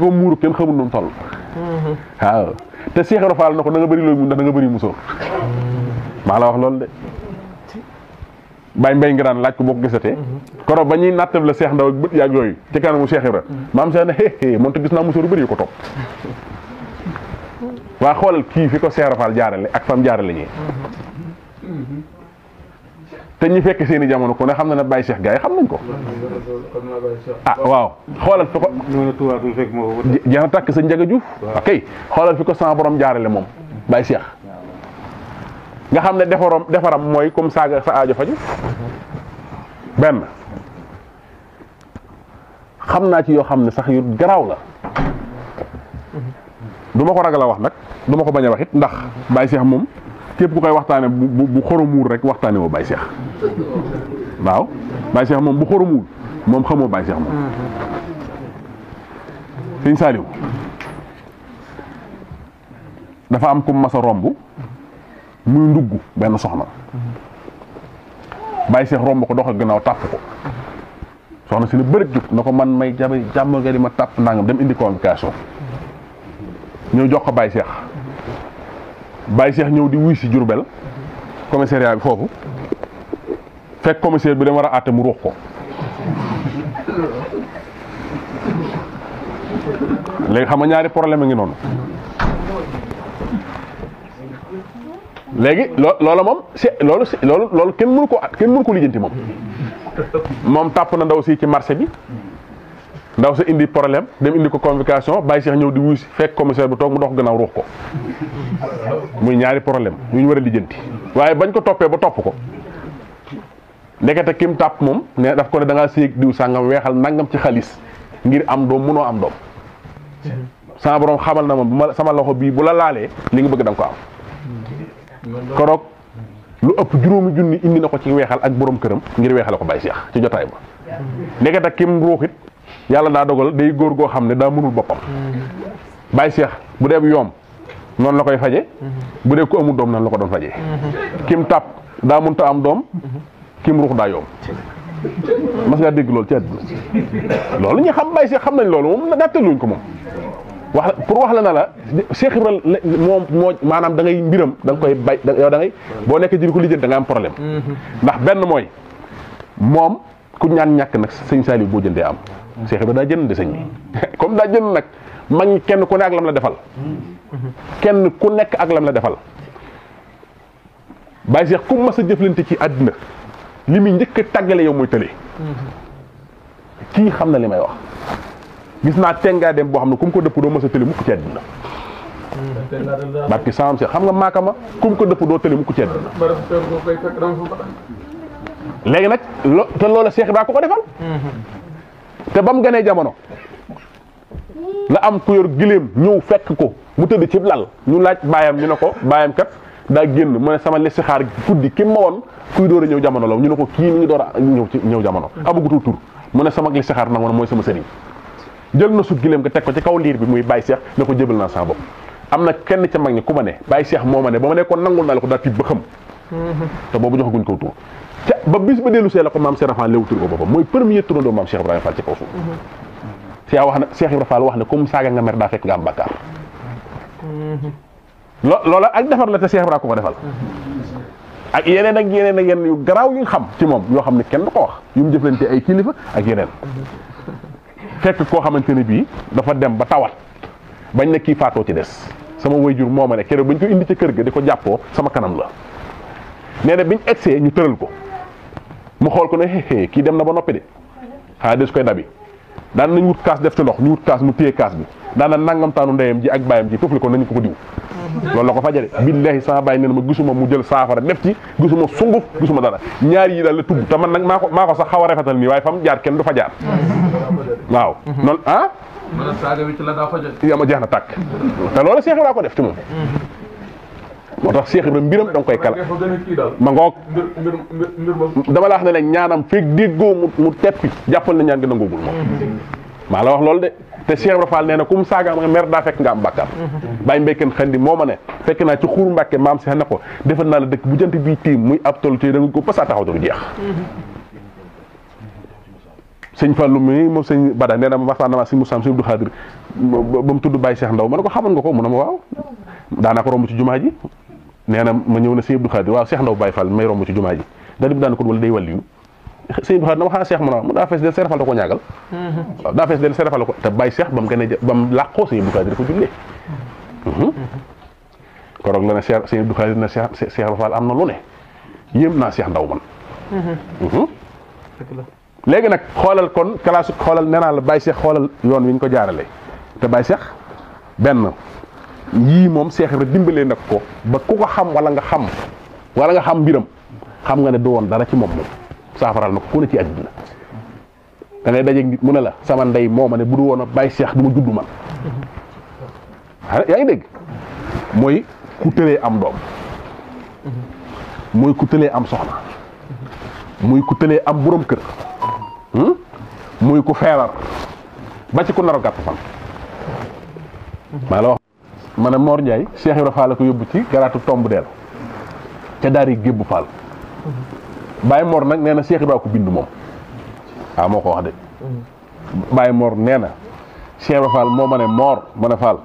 muuru kenn xamul nu mu te Cheikh Ibra na ko na bari bëri looy mu ndax na nga bëri musóor maa la wax loolu de bàyyi mbéy nga daan laaj ko boo ko gisatee koro ba ñuy nattab la seex Ndaw ak bët yàgg yooyu ci kanamu Cheikh Ibra maam Cheikh ne xéxé moom te gis naa musóor bari yu ko topp waa xoolal kii fi ko Cheikh Ibra Fall jaarale ak fam jaarale ñi te ñu fekk seeni jamono ko ne xam na ne Baye Cheikh gars yi xam nañ ko. ah waaw xoolal fi ko. jeex tàkk sa njaga juuf. ok xoolal fi ko sama boroom jaarale moom Baye Cheikh. nga xam ne defaram defaram mooy comme saaga sa aajo faju benn xam naa ci yoo xam ne sax yu garaaw la. duma ko ragal a wax nag duma ko bañ a wax ndax Baye Cheikh moom. kep ku koy waxtane bu xoromul rek waxtane woo bay Cheikh waw bay Cheikh mom bu xoromul mom xamoo bay Cheikh mom seigne saliw dafa am kum massa rombu muy ndugg ben soxna bay Cheikh rombu ko doxal gannaaw tap ko soxna si ne bëri jug na man may jabe gari ma tap nangam dem indi convocation ñëw jox ko bay Cheikh Baye Cheikh ñëw di wuy si Diourbel commissariat bi foofu fekk commissaire bi dama war a àtte mu ruux ko léegi xam nga ñaari problème a ngi noonu léegi loo loola moom se lool si loolu loolu kenn mënu ko at kenn mënu ko lijjanti moom moom tàpp na ndaw si ci marché bi ndaw sa indi problème dem indi ko convocation bay cheikh ñew di wuy si fekk commissaire bu tok mu dox gënaaw ruux ko muy ñaari problème ñu wara lijeenti waye bañ ko topé ba top ko nekata kim tap mom, né daf ko né da nga séeg diw sangam wéxal nangam ci xaliss ngir am do mëno am do sama borom xamal na mom sama loxo bi bu la laalee li nga bëgg da nga ko am korok lu ëpp juroomi junni indi na ko ci wéxal ak borom kërëm ngir wéxal ko bay cheikh ci jotaay ba nekata kim ruuxit yàlla daa dogal day góor goo xam ne daa mënul boppam. bàyyi seex bu dee yoom noonu la koy faje mhm. bu dee ku amul doom noonu la ko doon fajee. Mhm. kim tàpp daa mënta am doom. Mhm. kim ruux daa yoom. mas ngaa dégg loolu ci àdduna loolu ñu xam bàyyi seex xam nañ loolu moom ko moom. wax pour wax la na la Cheikh Ibra maanaam dangay mbiram da koy bay yow da boo nekk jiri ko lijjën da nga am problème ndax benn mooy moom ku ñaan ñàkk nag sëñ Saliou boo jëndee am Cheikh Ibra daa jënd de sëñ bi comme daa jënd nag mag kenn ku ne ak lam la defal kenn ku nekk ak lam la defal bàyyi Cheikh ku mas a jëflante ci àddina li muy njëkk a tàggale yow mooy tële kii xam na li may wax gis naa tengaa dem boo xam ne ku mu ko dëpp doo mas a tële mukk ci àddina barki saam si xam nga maaka ma ku mu ko dëpp doo tële mukk ci àddina léegi nag lo te loola Cheikh Ibra ko ko defal te ba mu gënee jamono la am ku yor giléem ñëw fekk ko mu tëdd ci lal ñu laaj baayam ñu ne ko baayam kat daa génn mu ne sama listixaar guddi ki ma woon kuy door a ñëw jamono la ñu ne ko kii mi ngi door ñëw ci ñëw jamono amagutul tur mu ne sama listixaar nag mooy sama sëriñ jël na su giléem ko teg ko ci kaw liir bi muy bàyyi seex ne ko jëbal naa sa bopp am na kenn ca mag ñi ku ma ne bàyyi seex moo ma ne ba ma ne ko nangul naa la ko daa tiit ba xam mm-hmm. te boobu joxaguñ ko tur ca ba bis ba dellu see la ko maam Cheikh Rafal léwutul ko bopam moy premier do mam Cheikh ibrahim Fall ci kofu ci mm-hmm. Cheikh wax na Cheikh ibrahim Fall wax na comme saga nga mer da fek nga am bàkkaar mm-hmm. ak defar la te Cheikh ibrahim ko defal mm-hmm. ak yeneen ak yeneen ak yeneen yu graw yu xam ci mom yo xam kenn ko wax yu mu jëflante ay kilifa ak yeneen fek ko xamanteni bi dafa dem ba tawat bañ ne ki faato ci dess sama wayjur moma ne kéro buñ ko indi ci kër ga diko jappo sama kanam la nee na biñ ñu teural ko mu xool ko ne xëy kii dem na ba noppi de xanaa des koy dabi daan nañ wut kaas def ci ndox ñu wut kaas mu téye kaas bi daan na nangam taanu ndeyam ji ak bàyyam ji foofu ko nañu ko ko diw. loolu la ko fajale billahi sama bàyyi nee na ma gisuma mu jël saafara def ci gisuma sunguf gisuma dara ñaar yi daal la tudd te man nag maa ko maa ko sax xaw a rafetal nii waaye fam jaar kenn du fa waaw. noonu ah. ma ne saa la daa fa jot. yow ma jeex na tàkk te loolu Cheikh Ibra ko def ci moom. moo tax Cheikh Ibrahima mbiram da nga koy kala ma ngoog dama la wax ne la ñaanam feeg déggoo mu mu teppi jàppal na ñaan gi nangoogul moom maa la wax loolu de te Cheikh Ibrahima Fall nee na ku mu saaga am nga mer daa fekk nga am bàkkaar moo ma ne naa ci xuur mbàkke maam si ne ko defal naa la dëkk bu jant bii tiim muy ab tollu ci da nga ko pasaa taxaw du jeex sëñ Fallou mi moom sëñ Bada nee mu ma waxtaan na ma sëñ Moussa sëñ Abdou Khadir ba mu tudd Baye Cheikh Ndaw ma ne ko xamoon nga ko mu ne ma waaw daanaa ko romb ci jumaa ji nee na ma ñëw na sëñ Abdou Khadre waaw Cheikh Ndaw Baye Fall may romb ci jumaa ji ko wala day wàlliyu sëñ Abdou Khadre na waxaa ko ñaagal mhm. waaw daa ko te Baye Cheikh ba a mhm. Mhm. la ne Cheikh sëñ Abdou Khadre na Cheikh Cheikh Ba am na lu naa Cheikh Ndaw man léegi nag xoolal kon classe xoolal nee naa la Baye Cheikh xoolal yoon wi ñu ko jaarale te Baye Cheikh benn yii moom seex Ibra dimbalee nag ko ba ku ko xam wala nga xam wala nga xam mbiram xam nga ne du woon dara ci moom moom saafaral na ko ku ne ci àddina da ngay dajeeg mu ne la sama ndey moo ma ne bu du woon a bàyyi Cheikh du ma judd man ah, yaa ngi dégg mooy ku tëlee am doom mooy ku tëlee am soxna muy ku tëlee am borom kër muy hmm? ku feebar ba ci ku nar fan maa la wax maanaam moor njaay Cheikh Ibra Fall ko yóbbu ci garaatu tomb deel ca daari gébbu Fall Baye Mor nag nee na Cheikh bind moom waaw moo ko wax de Baye Mor nee na Cheikh Ibra moo ma ne moor ma ne Fall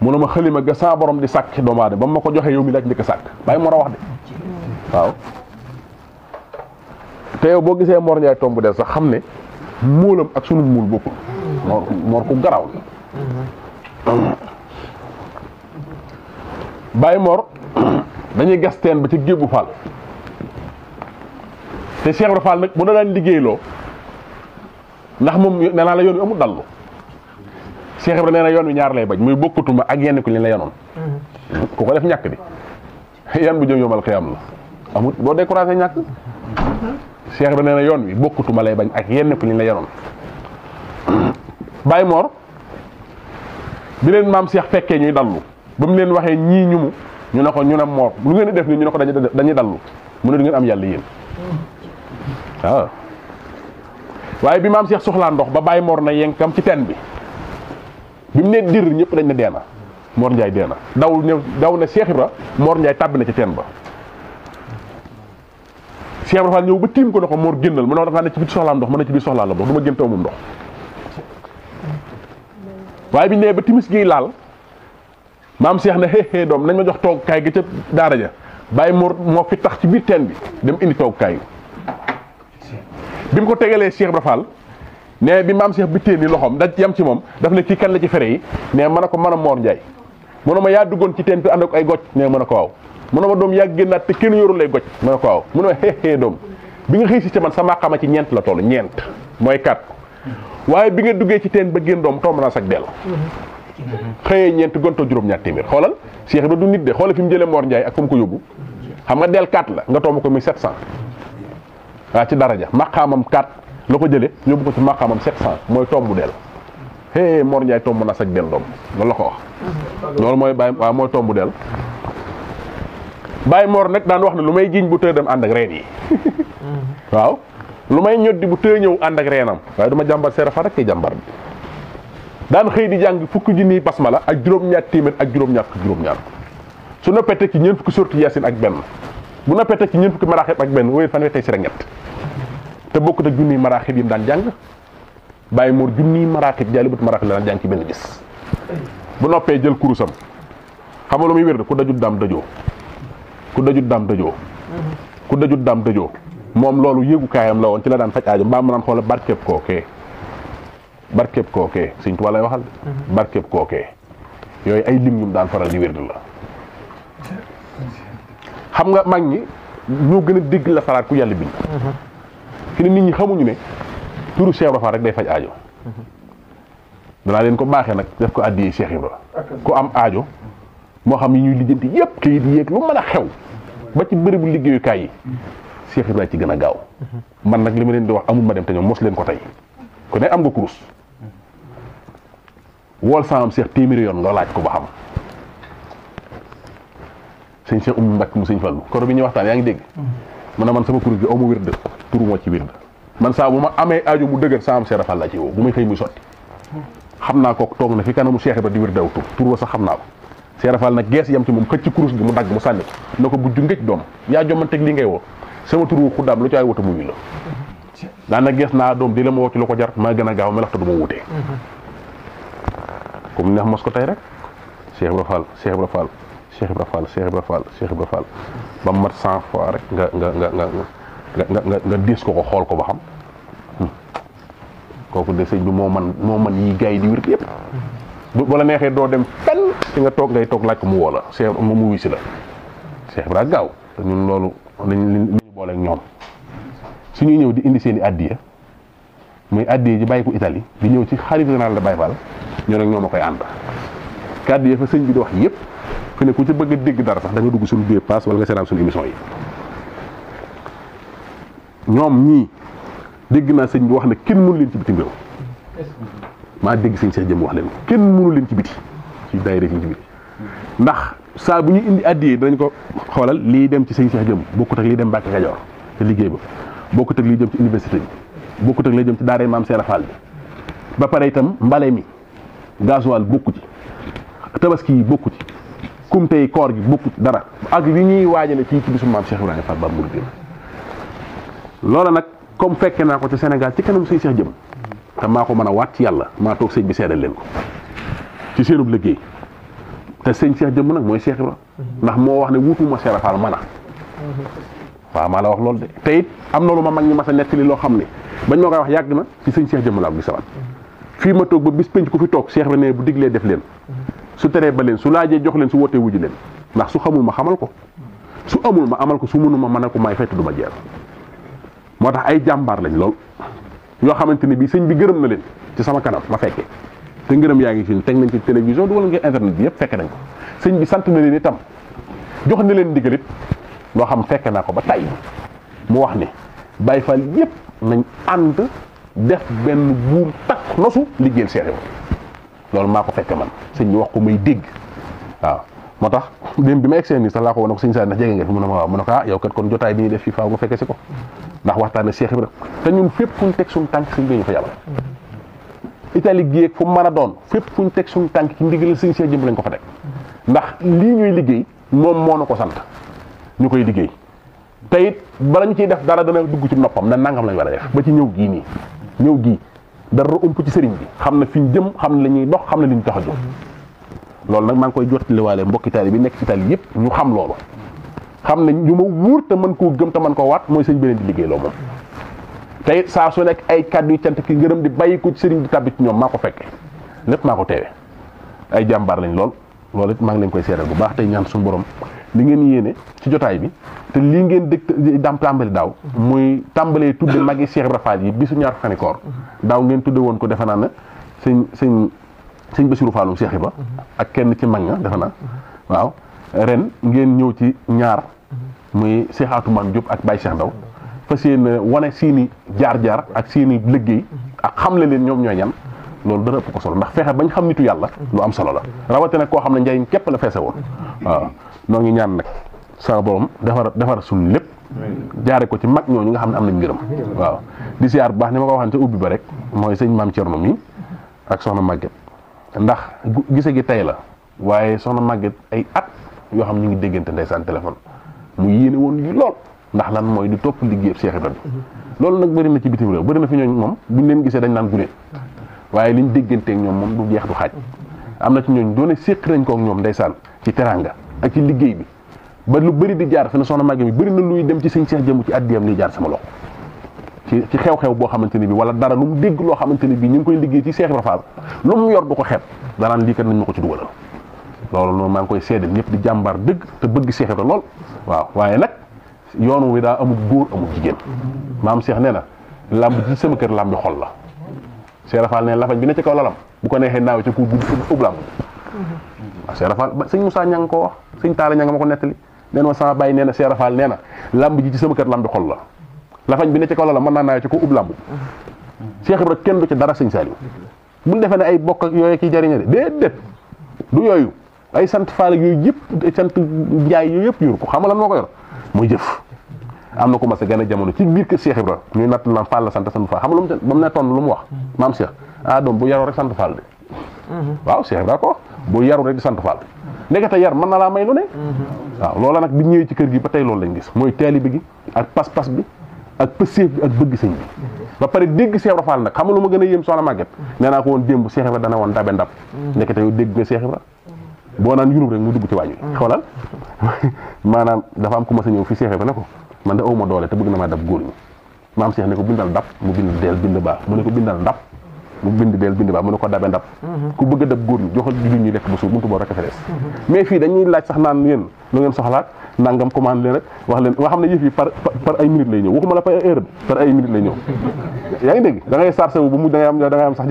mu ne ma xalima ga saa borom di sàkk doomu aadama ba ma ko joxee yow mi laaj njëkk a sàkk Baye Mor a wax de waaw te yow boo gisee moor Ndiaye tomb deel sax xam ne muulam ak sunu muul bokkul Mor ku garaaw la Baye Mor dañuy gas teen ba ci Gébu Fall te Cheikh Ibra Fall nag bu da daan liggéeyloo ndax moom nee naa la yoon wi amul dallu Cheikh Ibra nee na yoon wi ñaar lay bañ muy bokkutuma ak yenn ku ñu la yanoon mm-hmm. ku ko def ñàkk di yan bu jëm yomal xiyam la amul boo découragé ñàkk mm-hmm. Cheikh na yoon wi bokkutuma lay bañ ak yenn ku ñu la yanoon Mor bi leen maam Cheikh fekkee ñuy dallu bam mu leen waxee ñii ñu mu ñu nako ñu na moor lu ngeen def ni ñu nako ko dañu dalu mu ne du ngeen am yalla yeen waaw waaye bi maam cheikh soxla ndox ba bay mor na yenkam ci ten bi bi ne dir ñep dañ na deena mor ndjay deena daw ne daw ne cheikh ibra mor ndjay tab na ci ten ba cheikh ibra faal ba tim ko nako mor gennal mu no dafa ne ci biir ndox mu ne ci bi soxla la bokk duma gën taw mu ndox waye bi ne ba timis gi laal maam Cheikh na xëy doom nañ ma jox toogukaay gi ca daara ja bàyyi moo moo fi tax ci biir teen bi dem indi toogukaay bi mu ko tegalee Cheikh Ibra Fall ne bi maam Cheikh bi téen ni loxoom da yam ci moom daf ne kii kan la ci fere yi ne mën a ko mën a Mor Ndiaye mu ne ma yaa duggoon ci teen bi ànd ak ay gocc ne mën a ko waaw mu ne ma doom yaa génnaat kenn yorul ay gocc mën a ko waaw mu doom bi nga xëy si ca man sama xama ci ñeent la toll ñeent mooy kat waaye bi nga duggee ci teen ba génn doom tomb naa sag dell xëyee ñent gonto juroom ñaar témir xolal Cheikh ba du nit de xolal fi mu jëlee Mor Ndiaye ak fu mu ko yobbu xam nga del 4 la nga tomb ko mi 700 wa ci daraja maqamam 4 lako jëlé yobbu ko ci maqamam 700 moy tombu del he Mor Ndiaye tomb na sax del dom loolu la ko wax. lool moy bay wa moy tombu del bay Mor nak daan wax na lu may giñ bu tëë dem and ak reen yi waaw lu may ñoddi bu tëë ñëw and ak reenam way duma jambar jàmbar fa rek ci jambar dan xey di jang fuk junniy basmala ak juroom ñaat timet ak juroom ñaat juroom ñaar su pété ci ñeen fuk sortu yasin ak ben bu pété ci ñeen guni maraxib ak benn wéyal fanweer tey si ñet te bokku ta junniy maraxib yi mu daan jàng bàyyi moor junniy maraaxib jaalibatu la daan ci ben bis bu noppé jël kurusam xam lu muy wër ku dajut dam dajoo ku dajut dam dajoo ku dajut dam dajoo mom lolu yegu kayam la won ci la daan fajj aajo mu barkep koke seigne tuba lay waxal mhm. barkep koke yoy ay lim ñum daan faral di wërdu la xam nga mag ñi ñu gëna dégg la faral ku yalla bi mhm. fi nit ñi xamuñu ne turu Cheikh Rafa rek day faj aajo mhm. danaa leen ko baxé nak def ko addi Cheikh Ibra ku am aajo mo xam yi ñuy lijjanti yépp kayit yéeg lu mëna xew ba ci bërëbu kay yi Cheikh Ibra ci gëna gaaw man nak limu leen di wax amul ma dem te ñom mos leen ko tay ku ne am nga kurus wool saamam seex téeméeri yoon nga ko ba xam sëñ Cheikh Oumy Mbacke mu sëñ Fallu ko bi ñuy waxtaan yaa ngi dégg mm. mu ne man sama kuréel gi aw ma wér de turu moo ci wér de man saa bu ma amee aajo bu dëgër saamam seex rafal la ci woo bu may xëy muy sotti mm. xam naa ko toog na fi mu Cheikh ba di wér daw tur tur wa sax xam naa ko Cheikh Rafal nag gees yam ci moom xëcc kurus gi mu dagg mu sànni na ko bujju ngëj doom yaa jommanteeg li ngay woo sama tur wu xuddaam lu ci ay wota mu wi la mm-hmm. gees naa doom di la ma woo ko jar maa a gaaw melax te du ma wutee mm-hmm. kum neex mos ko tay rek cheikh ibrahim fall cheikh ibrahim fall cheikh ibrahim fall cheikh ibrahim fall cheikh ibrahim fall ba mat 100 fois rek nga nga nga nga nga nga nga dis ko ko xol ko ba xam hmm. kooku de seigne bi mo man mo man yi gay di wér yépp bu la neexee do dem fen ci nga tok ngay tok lacc mu woo cheikh mu mu wisi la cheikh ibrahim gaw ñun lolu loolu lañ bolé ak ñom suñu ñew di indi seen addiya muy addi ji bàyyi ko itali di ñëw ci xalif général de Baye Fall ñoo nag ñoom a koy ànd kàddu yi fa sëñ bi di wax yëpp fi ne ku ci bëgg dégg dara sax da dugg suñu biir paas wala nga seetaan suñu émission yi ñoom ñii dégg naa sëñ bi wax ne kenn mënu leen ci bitim réew maa dégg sëñ Cheikh Jëm wax leen kenn mënu leen ci biti ci daayira ci biti ndax saa bu ñuy indi addi yi danañ ko xoolal lii dem ci sëñ Cheikh Jëm bokkut ak lii dem Mbàkke Kajoor te liggéey ba bokkut ak lii dem bokkut ak la jëm ci daaray maam Seera Fall bi ba pare itam mbale mi gasoil bokku ci tabaski yi bokku ci kumte yi koor gi bokku ci dara ak li ñuy waajale fii ci bisu maam Cheikh Ibrahima Fall ba Mouride loola nag comme fekke naa ko ci Sénégal ci kanam suy Cheikh jëm te maa ko mën a wat ci yàlla maa toog sëñ bi seedal leen ko ci seenub liggéey te sëñ Cheikh jëm nag mooy Cheikh Ibrahima ndax moo wax ne wutuma Seera Fall mën waaw maa la wax loolu de te am na lu ma mag ñi mas a nettali loo xam ne bañ ma koy wax yàgg na ci sëñ Cheikh Jëmalaab gi sawan fii ma toog ba bis penc ku fi toog Cheikh bi ne bu diglee def leen su teree ba leen su laajee jox leen su wootee wuju leen ndax su xamul ma xamal ko su amul ma amal ko su mënu ma mën a ko may fett du ma jeer moo tax ay jàmbaar lañ lool yoo xamante ni bii sëñ bi gërëm na leen ci sama kanam ma fekkee te ngërëm yaa ngi fi teg nañ ci télévision du wala nga internet bi yëpp fekke nañ ko sëñ bi sant na leen itam jox na leen ndigal it lo xam fekk na ko ba tay mu wax ni bay fal yep nañ and def ben buum tak nosu liggéeyal seen réew loolu maa ko man sëñ bi wax ko muy deg wa motax dem dém bi ma egsee nii sax ko won ko sëñ sa na jégué nga fi mu ne ma mu ne ko ah, yow kat kon jotay bi ñuy def fifa faaw nga fekke si ko ndax waxtaane Cheikh Ibra te ñun fepp fuñ tek suñ tank sëñ bi ñu fa yàlla Italie gi ak fu mëna doon fepp fuñ tek suñ tank ci ndigal sëñ Cheikh jëm lañ ko fa tek ndax li ñuy liggéey mom mo nako sante ñukoy liggéey tayit it bala ciy def dara dana dugg ci noppam na nangam lañ wara def ba ci ñëw gii nii ñëw gii dara ump ci sëriñ bi xamna fiñ jëm xamna lañuy dox xamna liñ taxaju lool nak a jóg loolu nag ngi koy jottaliwaale mbokki taali bi nek ci taali yépp ñu xam lool xamna ñu ma wuur te man ko gëm te man ko waat moy bi di liggéey lool tayit sa su nek ay kaddu ki ngeerum di ko ci sëriñ bi tabbi ci ñom mako ko fekke lépp maa ay jambar lañ lool loolu it leen koy bu baax tay ñaan suñu borom di ngeen yene ci jotay bi te li ngeen dekk dam tambal daw muy tàmbalee tudde magi Cheikh rafal yi bisu ñaar fani koor daw ngeen tudde won ko defana na señ señ señ Bassirou fallou Cheikh ba ak kenn ci magna defana waaw ren ngeen ñew ci ñaar muy Cheikh Atoumane Diop ak Baye Cheikh daw fasiyene woné sini jaar-jaar ak sini liggey ak xamle len ñom ñoy ñam loolu dara ko solo ndax fexé bañ xam nitu yalla lu am solo la rawatina koo xam ne njariñ képp la fessé won waaw noo ngi ñaan nak sa borom defar defar suñu lepp jaaré ko ci mag ñoo nga xamne am nañu ngërëm waaw di siyaar baax ni mako ko waxan ca ubbi ba rek moy sëñ mam cierno mi ak soxna Maguette ndax gise gi tay la waye soxna Maguette ay at yo xam ñu ngi déggante san téléphone mu yéene won yu lool ndax lan moy di top liggéeyab Cheikh ibrahim lol nak bari na ci bitim rew bari na fi ñoo mom buñ leen gisee dañ nan gune waye liñ ak ñom mom du jeex du xaj amna na ci ñoo doone séq nañ koog ñoom ndeysaan ci teranga ak ci liggéey bi ba lu bëri di jaar seen soxna màgg mi bari na luy dem ci sëñ Cheikh jëm ci addiyam liy jaar sama loxo ci ci xew-xew boo xamante ne bi wala dara lu mu dégg loo xamante ne bi ñu ngi koy liggéey ci Cheikh Ibra Fall lu mu yor du ko xeeb danaan lii kat nañ ma ko ci dugalal loolu noonu maa ngi koy seedal ñëpp di jàmbaar dëgg te bëgg Cheikh Ibra lool waaw waaye nag yoon wi daa amul góor amul jigéen maam Cheikh nee na làmb ji sama kër làmbi xol la Cheikh Ibra Fall ne lafañ bi ne ci kaw lalam bu ko neexee naaw ca ko ub waaw Cheikh Rafal sëñ Moussa ña nga ko wax sëñ Taala ña nga ma ko nettali nee ma sama bàyyi nee na Cheikh Rafal nee ji ci sama kër xol la lafañ bi ne ci kaw la la naa naa ci ko ub lamb Cheikh Ibra kenn du ci dara sëñ Saliou buñ ne ay bokk yooyu kiy jariñe de déedéet du yooyu ay sant faal ak yëpp sant njaay yooyu yëpp yor xam nga lan ko yor muy jëf am na ko mas jamono ci biir kër Cheikh ñuy natt naan la sant sant Fall xam nga lu mu ba mu ne lu mu wax maam Cheikh ah doom bu yaroo rek sant Fall de waaw Cheikh Ibra ko boo yaru rek di sant Fall ndekete yar mën na laa may lu ne waaw loola nag bi ñëwee ci kër gi ba tey loolu lañ gis mooy taalibe gi ak pas-pas bi ak pëseef bi ak bëgg sëñ bi ba pare dégg Cheikh Ibra Fall nag xam nga lu ma gën a yéem soxna Maguette ne naa ko woon démb Cheikh Ibra dana woon ndabe ndab ndekete yow dégg nga Cheikh Ibra boo naan yurub rek mu dugg ci waañu xoolal maanaam dafa am ku sa ñëw fi Cheikh Ibra ne ko man de awma doole te bëgg na maa dab góor ñi maam Cheikh ko bindal dab bu bind deel bind baa mu ne ko dabe ndab mhm. ku bëgg a dab góor ñi joxal jigéen ñi lekk ba suur buntu boo rek a fa des mais fii dañuy laaj sax naan yéen lu ngeen soxlaat nangam commande leen rek wax leen nga xam ne yëf yi par ay minute lay ñëw waxuma da ngay sarse wu bu mu da ngay da ngay am sax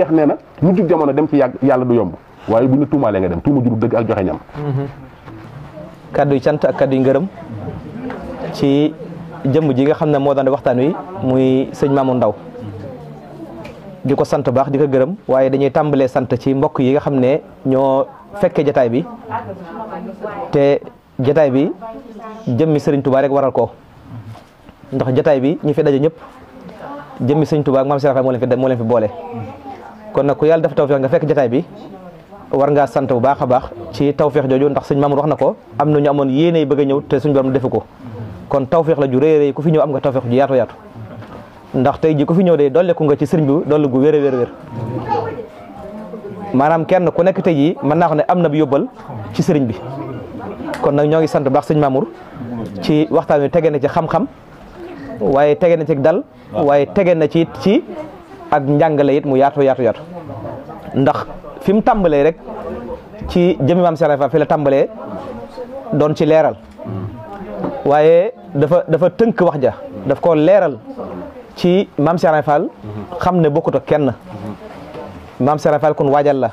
jafe-jafe du yomb waaye nga dem tuuma jurul dëgg ak joxe ñam mhm. kaddu cant ak kaddu ngërëm ci jëmm ji nga xam ne moo daan waxtaan wi muy sëñ Maamu Ndaw di ko sant baax di gërëm waaye dañuy tàmbalee sant ci mbokk yi nga xam ne ñoo fekke jataay bi te jataay bi jëmmi sëriñ Touba rek waral ko ndax jataay bi ñu fi daje ñëpp jëmmi sëriñ Touba ak maam Serapha moo leen fi boole kon nag ku yàlla dafa tawfeex nga fekk jataay bi war ngaa sant bu baax a baax ci tawfeex jooju ndax sëñ Maamu wax na ko am na ñu amoon yéenay bëgg a ñëw te suñ borom defu ko kon tawféex la ju rëy rëy ku fi ñëw am nga tawféex ju yaatu yaatu ndax tey ji ku fi ñëw de dolleeku nga ci sëriñ bi dolli gu wér a wér wér kenn ku nekk tey ji mën naa xam ne am na bi yóbbal ci sëriñ bi kon nag ñoo ngi sant baax sëñ Mamour ci waxtaan wi tege na ci xam-xam waaye tege na ci dal waaye tege na ci ci ak njàngale it mu yaatu yaatu yaatu ndax fi mu tàmbalee rek ci jëmi maam Serapha fi la tàmbalee doon ci leeral waaye dafa dafa tënk wax ja daf ko leeral ci maam Serigne Fall xam ne bokkut a kenn maam Serigne Fall kon waajal la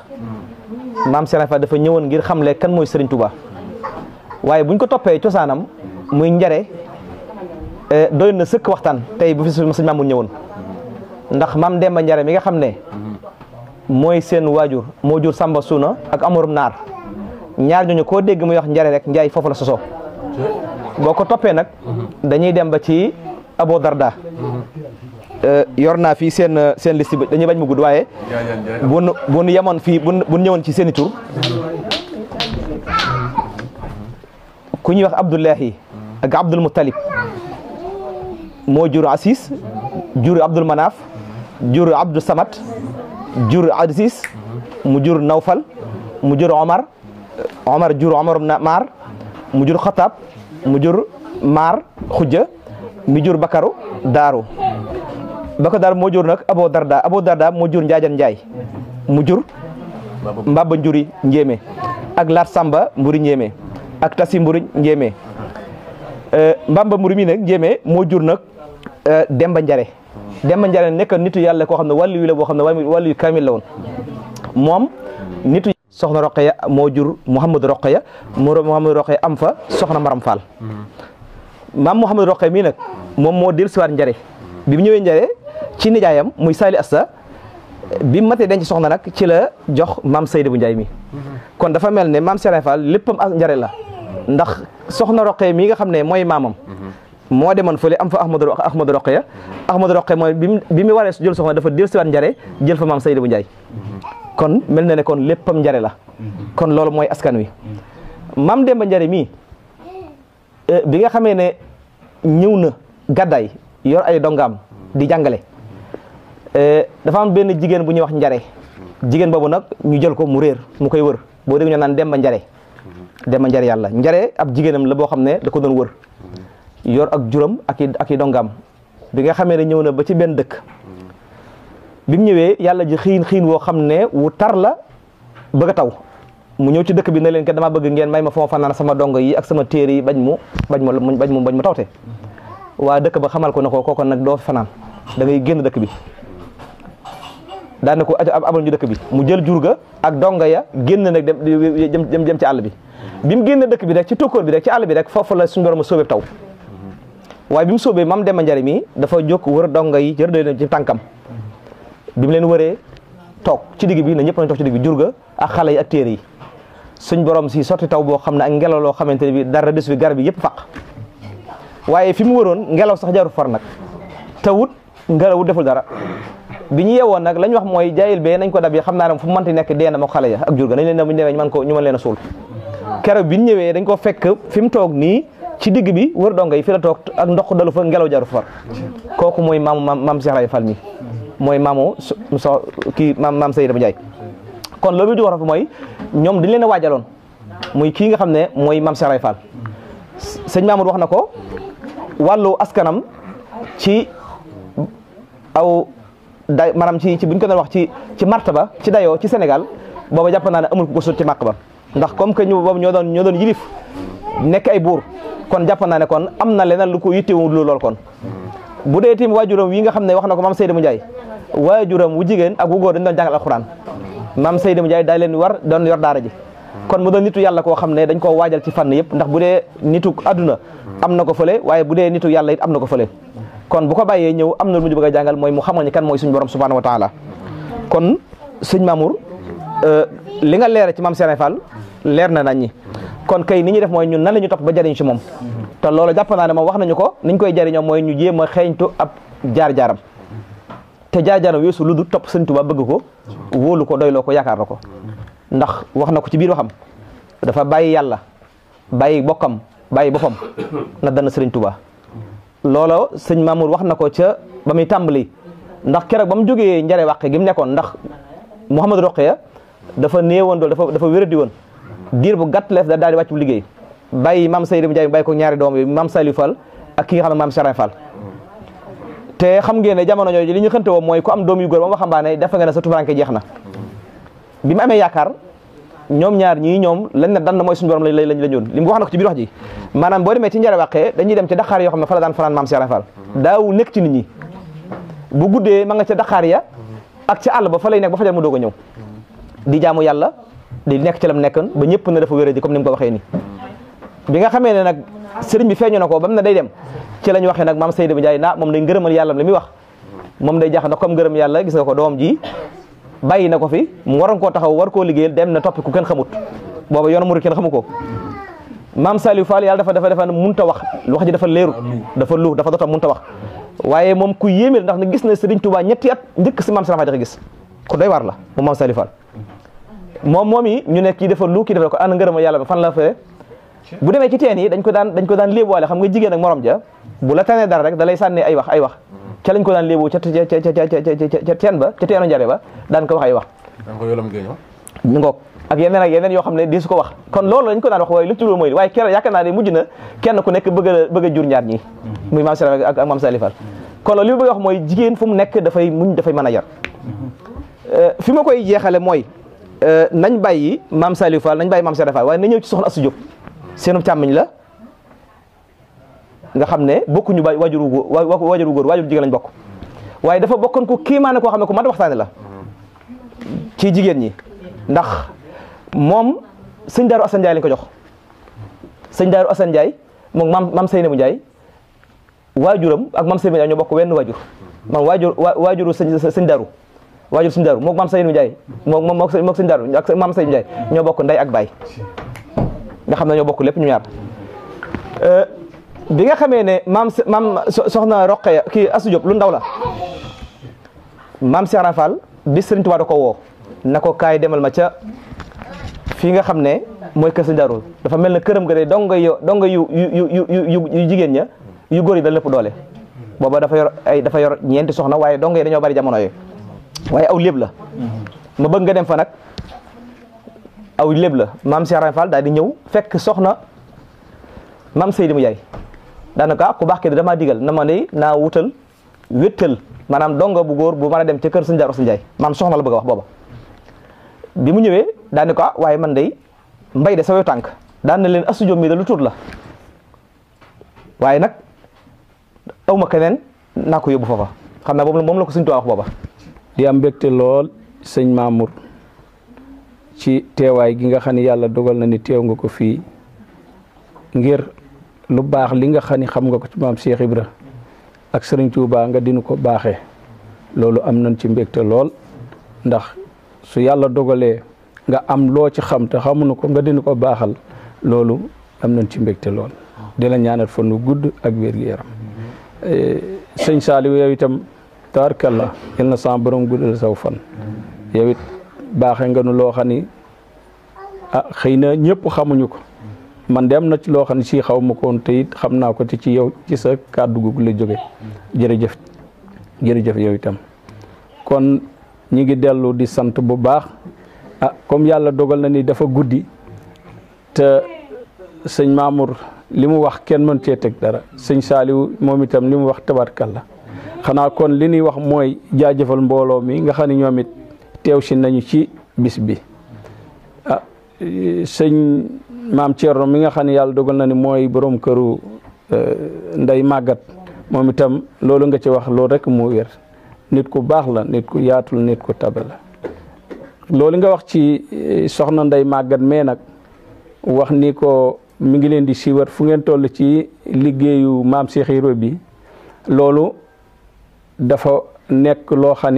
maam Serigne Fall dafa ñëwoon ngir xam le kan mooy Serigne waaye buñ ko toppee cosaanam muy njare e, doy na sëkk waxtaan tey bu fi ñëwoon ndax maam Demba Njare mi nga xam ne mooy seen waajur moo jur Samba Suuna ak Amorum Naar ñaar ñooñu koo dégg mu wax njare rek njaay foofu la sosoo boo ko toppee nag dañuy dem ba ci Abu Darda eh, yor naa fii seen eh, seen liste dañuy bañ mu gudd waaye bu nu yemoon fii bu nu ñëwoon ci seen i tur ku ñuy wax Abdullahi ak Abdul Muttalib moo jur Asis jur Abdul Manaaf jur Abdul Samad jur Asis mu jur Nawfal mu jur Omar Omar jur Omar Mar mu jur xataab jur maar xujja mi jur bakaru daaru bakaru daaru moo jur nag abo darda abo jur njaajan njaay mu jur mbaba njuri njéeme ak laat samba mburi njéeme ak tasi mburi njéeme euh, mbamba mburi mi nak njéeme moo jur nag euh, demba njare demba njare nekk nitu yàlla koo xam ne wàllu yu boo xam ne wàllu yu kamil la moom nitu soxna Roqeya moo jur Mouhamadou Roqeya moo Mouhamadou Roqeya am fa soxna Maram Fall mm-hmm. maam Mouhamadou Roqeya mii nag moom moo dellu siwaat njare mm-hmm. bi mu ñëwee njare ci nijaayam muy Sali Asta bi mu matee denc soxna nag ci la jox maam Seydou Ndiaye mi mm-hmm. kon dafa mel ne maam Serigne Fall léppam ak njare la ndax soxna Roqeya mii nga xam ne mooy maamam moo demoon fële am fa Ahmadu Ahmadu Roqeya Ahmadu Roqeya mooy bi mu waree jël soxna dafa dellu siwaat njare jël fa maam bu Ndiaye kon mel na ne kon léppam njare la kon loolu mooy askan wi maam Demba Njare mii eh, bi nga xamee ne ñëw na gàddaay yor ay dongaam di jàngale eh, dafa am benn jigéen bu ñuy wax njare jigéen boobu nag ñu jël ko mu réer mu koy wër boo dégg ñu naan Demba Njare Demba Njare yàlla njare ab jigéenam la boo xam ne da ko doon wër yor ak juróom ak i ak dongaam bi nga xamee ne ñëw na ba ci benn dëkk bi mu ñëwee yàlla ji xiin xiin woo xam ne wu tar la bëgg taw mu ñëw ci dëkk bi ne leen kat damaa bëgg ngeen may ma foo fanaan sama dongo yi ak sama téere yi bañ mu bañ mu bañ mu bañ mu tawte waa dëkk ba xamal ko ne ko kooku nag doo fanaan da ngay génn dëkk bi daane ko abal ñu dëkk bi mu jël jur ak donga ya génn nag dem dem ci àll bi bi mu génn dëkk bi rek ci tokkoor bi rek ci àll bi rek foofu la suñu borom a sóobee taw waaye bi mu sóobee mam dema njari mi dafa jóg wër donga yi jër doy na ci tànkam bi mu leen wëree toog ci digg bi na ñepp nañ tok ci digg bi jurga ak xalé yi ak téré yi suñ borom si soti taw bo xamna ak ngelaw lo xamanteni bi dara dess bi garab yi faq waaye fi mu wëron ngelaw sax jaru far nak tawut wut ngelaw deful dara biñu yewon nak lañ wax moy jaayil be nañ ko dab yi xam fu mën ti nek na mo xalé ya ak jurga nañ leen na bu ñu man ko ñu mën leen sul kéro keroog bi ñu ñëwee dañ ko fekk fi mu toog nii ci digg bi wër do ngay fi la tok ak ndox dalu fa ngelaw jaru far koku moy mam mam Cheikh ray Fall mi mooy maamoo so kii maam maam Seydou Ndiaye kon loolu di war a fa mooy ñoom dañ leen a waajaloon muy kii nga xam ne mooy maam Seex Ibra Faal sëñ Mamour wax na ko wàllu askanam ci aw day maanaam ci ci buñ ko doon wax ci ci martaba ci dayoo ci senegal, booba jàpp naa ne amul ku ko sut ci màq ba ndax comme que ñu boobu ñoo doon ñoo doon yilif nekk ay buur kon jàpp naa ne kon am na leneen lu ko yittewu lu lool kon bu dee tim waajuram yi nga xam ne wax na ko maam Seydou Ndiaye waajuram wu jigéen ak wu góor dañ doon jàngal alxuraan maam Seydi mu Jaay daa leen war doon yor daara ji kon mu doon nitu yàlla koo xam ne dañ koo waajal ci fànn yëpp ndax bu dee nitu adduna am na ko fële waaye bu dee nitu yàlla it am na ko fële kon bu ko bàyyee ñëw am na lu ñu bëgg jàngal mooy mu xamal ni kan mooy suñu borom subhanahu wa taala kon suñ Mamour euh, li nga leere ci maam Serigne Fall leer na nañ ñi kon kay ni ñuy def mooy ñun nan la ñu topp ba jariñ ci moom te loolu jàpp ne moom wax nañu ko niñ koy jëriñoo mooy ñu jéem a xeeñtu ab jaar-jaaram te jaar-jaaram weesu lu dul topp sëñ Tuubaa bëgg ko wóolu ko doyloo ko yaakaar na ko ndax wax na ko ci biir xam dafa bàyyi yàlla bàyyi bokkam bàyyi boppam na dana sëriñ Tuubaa loola sëñ Mamour wax na ko ca ba muy tàmbali ndax keroog ba mu jógee njare wàqe gi mu nekkoon ndax mu Mouhamadou Roqeya dafa néewoon dool dafa dafa wéradi woon diir bu gàtt leef da daal di wàcc bu liggéey bàyyi maam Seydou Ndiaye bàyyi ko ñaari doom yi maam Saliou Fall ak ki nga xam ne maam Serigne Fall te xam ngeen ne jamono jooju li ñu xënte woo mooy ku am doom yu góor yaakaar ñoom ñaar ñii ñoom lañ ne dann mooy suñu borom lañ lañ lañoon li mu wax na ko ci biir wax ji maanaam boo demee ci njare wàqee dañuy la bu guddee ma nga ca daqaar ya ak ca àll ba fa lay nekk ba fajar mu doog a di jaamu yàlla di nekk ci lam nekkoon ba ñëpp ne dafa wéré comme ni mu ko waxee nii bi nga xamee ne nag sëriñ bi feeñu na ko ba mu ne day dem ci lañ waxee nag maam Seydou Ndiaye na moom day ngërëmal yàlla li muy wax moom day jax na comme ngërëm yàlla gis ko doom ji bàyyi ko fi mu waroon koo taxaw war koo liggéeyal dem na toppi ku kenn xamut booba yoonu murid kenn xamu ko maam Saliou Fall yàlla dafa dafa dafa munta wax wax ji dafa leerut dafa lu dafa dota munta wax waaye moom ku yéemeel ndax na gis na Serigne Touba ñetti at njëkk si maam Saliou Fall gis ku doy waar la moom maam Saliou Fall moom moom yi ñu ne kii dafa lu kii dafa ko ànd ngërëm yàlla ba fan la fee bu demee ci teen yi dañ ko daan dañ ko daan léebuwaale xam nga jigéen ak morom ja bu la tanee dara rek da lay sànni ay wax ay wax mm. ca lañ ko daan léeboo ca ca ca ca teen ba ca teenu njare ba daan ko wax ay wax mi ngoog ak yeneen ak yeneen yoo xam ne di ko wax kon loolu lañ ko daan wax waaye lu tudd mooy na kenn ku nekk bëgg a bëgg a jur ñaar ñi mm-hmm. muy maam Serap ak maam kon loolu li ma wax mooy jigéen fu mu nekk dafay muñ dafay mën a yar mm-hmm. euh, fi ma koy jeexale mooy euh, nañ bàyyi maam Salifal nañ bàyyi maam Serap waaye na ñëw ci soxna Astou Diop seenu càmmiñ la nga xam ne bokkuñu ba wajuru góor wajuru góor jigéen lañ bokk waaye dafa bokkoon ku kiimaane koo xam ne ku mat waxtaane la ki jigéen ñi ndax moom sëñ Daaru Assane Ndiaye lañ ko jox sëñ Daaru Assane Ndiaye moom maam maam Seynabou Ndiaye waajuram ak maam Seynabou Ndiaye ñoo bokk wenn waajur man waajur waajuru sëñ sëñ Daaru waajur sëñ Daaru moog maam Seynabou Ndiaye moom moom moog sëñ Daaru ak maam Seynabou ñoo bokk nday ak baay nga xam na ñoo bokk lépp ñu ñaar euh, bi nga xamee ne maam maam soxna Roqeya kii Asu Diop lu ndaw la maam Seex Fall bi Sëriñ Tuubaa ko woo na ko kaay demal ma ca fii nga xam ne mooy kër Sëriñ dafa mel ne këram ga de donga yu yu yu yu jigéen ña yu góor yi da lépp doole booba dafa yor ay dafa yor ñeenti soxna waaye donga dañoo bari jamono yooyu waaye aw léeb la ma bëgg nga dem fa nag aw léb la maam Cheikh Ibra Fall daal di ñëw fekk soxna maam Seydi mu yaay daanaka ku baax kii damaa digal na ma ne naa wutal wéttal maanaam donga bu góor bu mën a dem ca kër sëñ Daaru sëñ Njaay maam soxna la bëgg a wax booba bi mu ñëwee daanaka waaye man day mbay de sawe tànk daan na leen asu jom mi da lu tuut la waaye nag aw ma keneen naa ko yóbbu foofa xam naa moom la ko suñ tuwaa wax booba di am mbégte lool sëñ Mamour ci teewaay gi nga xam ni yàlla dogal na ni teew nga ko fii ngir lu baax li nga xam ni xam nga ko ci maam Cheikh Ibra ak Serigne Touba nga dinu ko baaxee loolu am nañ ci mbégte lool ndax su yàlla dogalee nga am loo ci xam te xamuñu ko nga dinu ko baaxal loolu am nañ ci mbégte lool di la ñaanal fa nu gudd ak wér-gu-yaram eh, sëñ Saliou yow itam taarkalla yal na sa borom guddal saw fan yow baaxe nga nu loo xam ni ah xëy na ñëpp xamuñu ko man dem na ci loo xam ne si xaw ma koon te it xam naa ko te ci yow ci sa kàddu gu la jóge jërëjëf jërëjëf yow itam kon ñi ngi dellu di sant bu baax ah comme yàlla dogal na ni dafa guddi te sëñ Mamour li mu wax kenn mën cee teg dara sëñ Saaliw moom itam li mu wax tabarkalla xanaa kon li nuy wax mooy jaajëfal mbooloo mi nga xam ne ñoom it teew si nañu ci bis bi ah, sëñ maam Thierno mi nga xam ne yàlla dogal na ni mooy boroom këru eh, ndey màggat moom itam loolu nga ci wax loolu rekk moo wér nit ku baax la nit ku yaatul nit ku tabe la loolu nga wax ci eh, soxna ndey màggat mais nag wax ni ko mu ngi leen di siiwat fu ngeen toll ci liggéeyu maam Cheikh Ibra bi loolu dafa nekk loo xam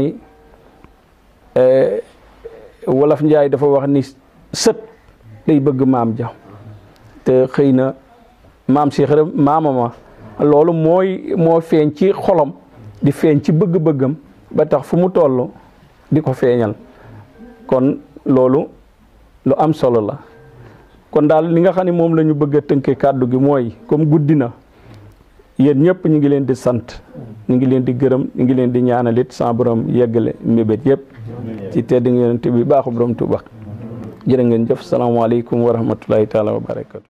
Eh, wolof njaay dafa wax ni sët day bëgg maam ja te xëy na maam si xërëm maamama loolu mooy moo feeñ ci xolom di feeñ ci bëgg-bëggam ba tax fu mu tollu di ko feeñal kon loolu lu am solo la kon daal li nga xam ne moom la ñu bëgg a tënkee kàddu gi mooy comme guddi na yéen ñëpp ñu ngi leen di sant ñu ngi leen di gërëm ñu ngi leen di ñaanalit sa borom yeggale mébét yëpp ci tedd nga yonent bi baaxu borom Tuuba jërë ngeen jëf salaamaaleykum wa rahmatullahi taala wa barakatu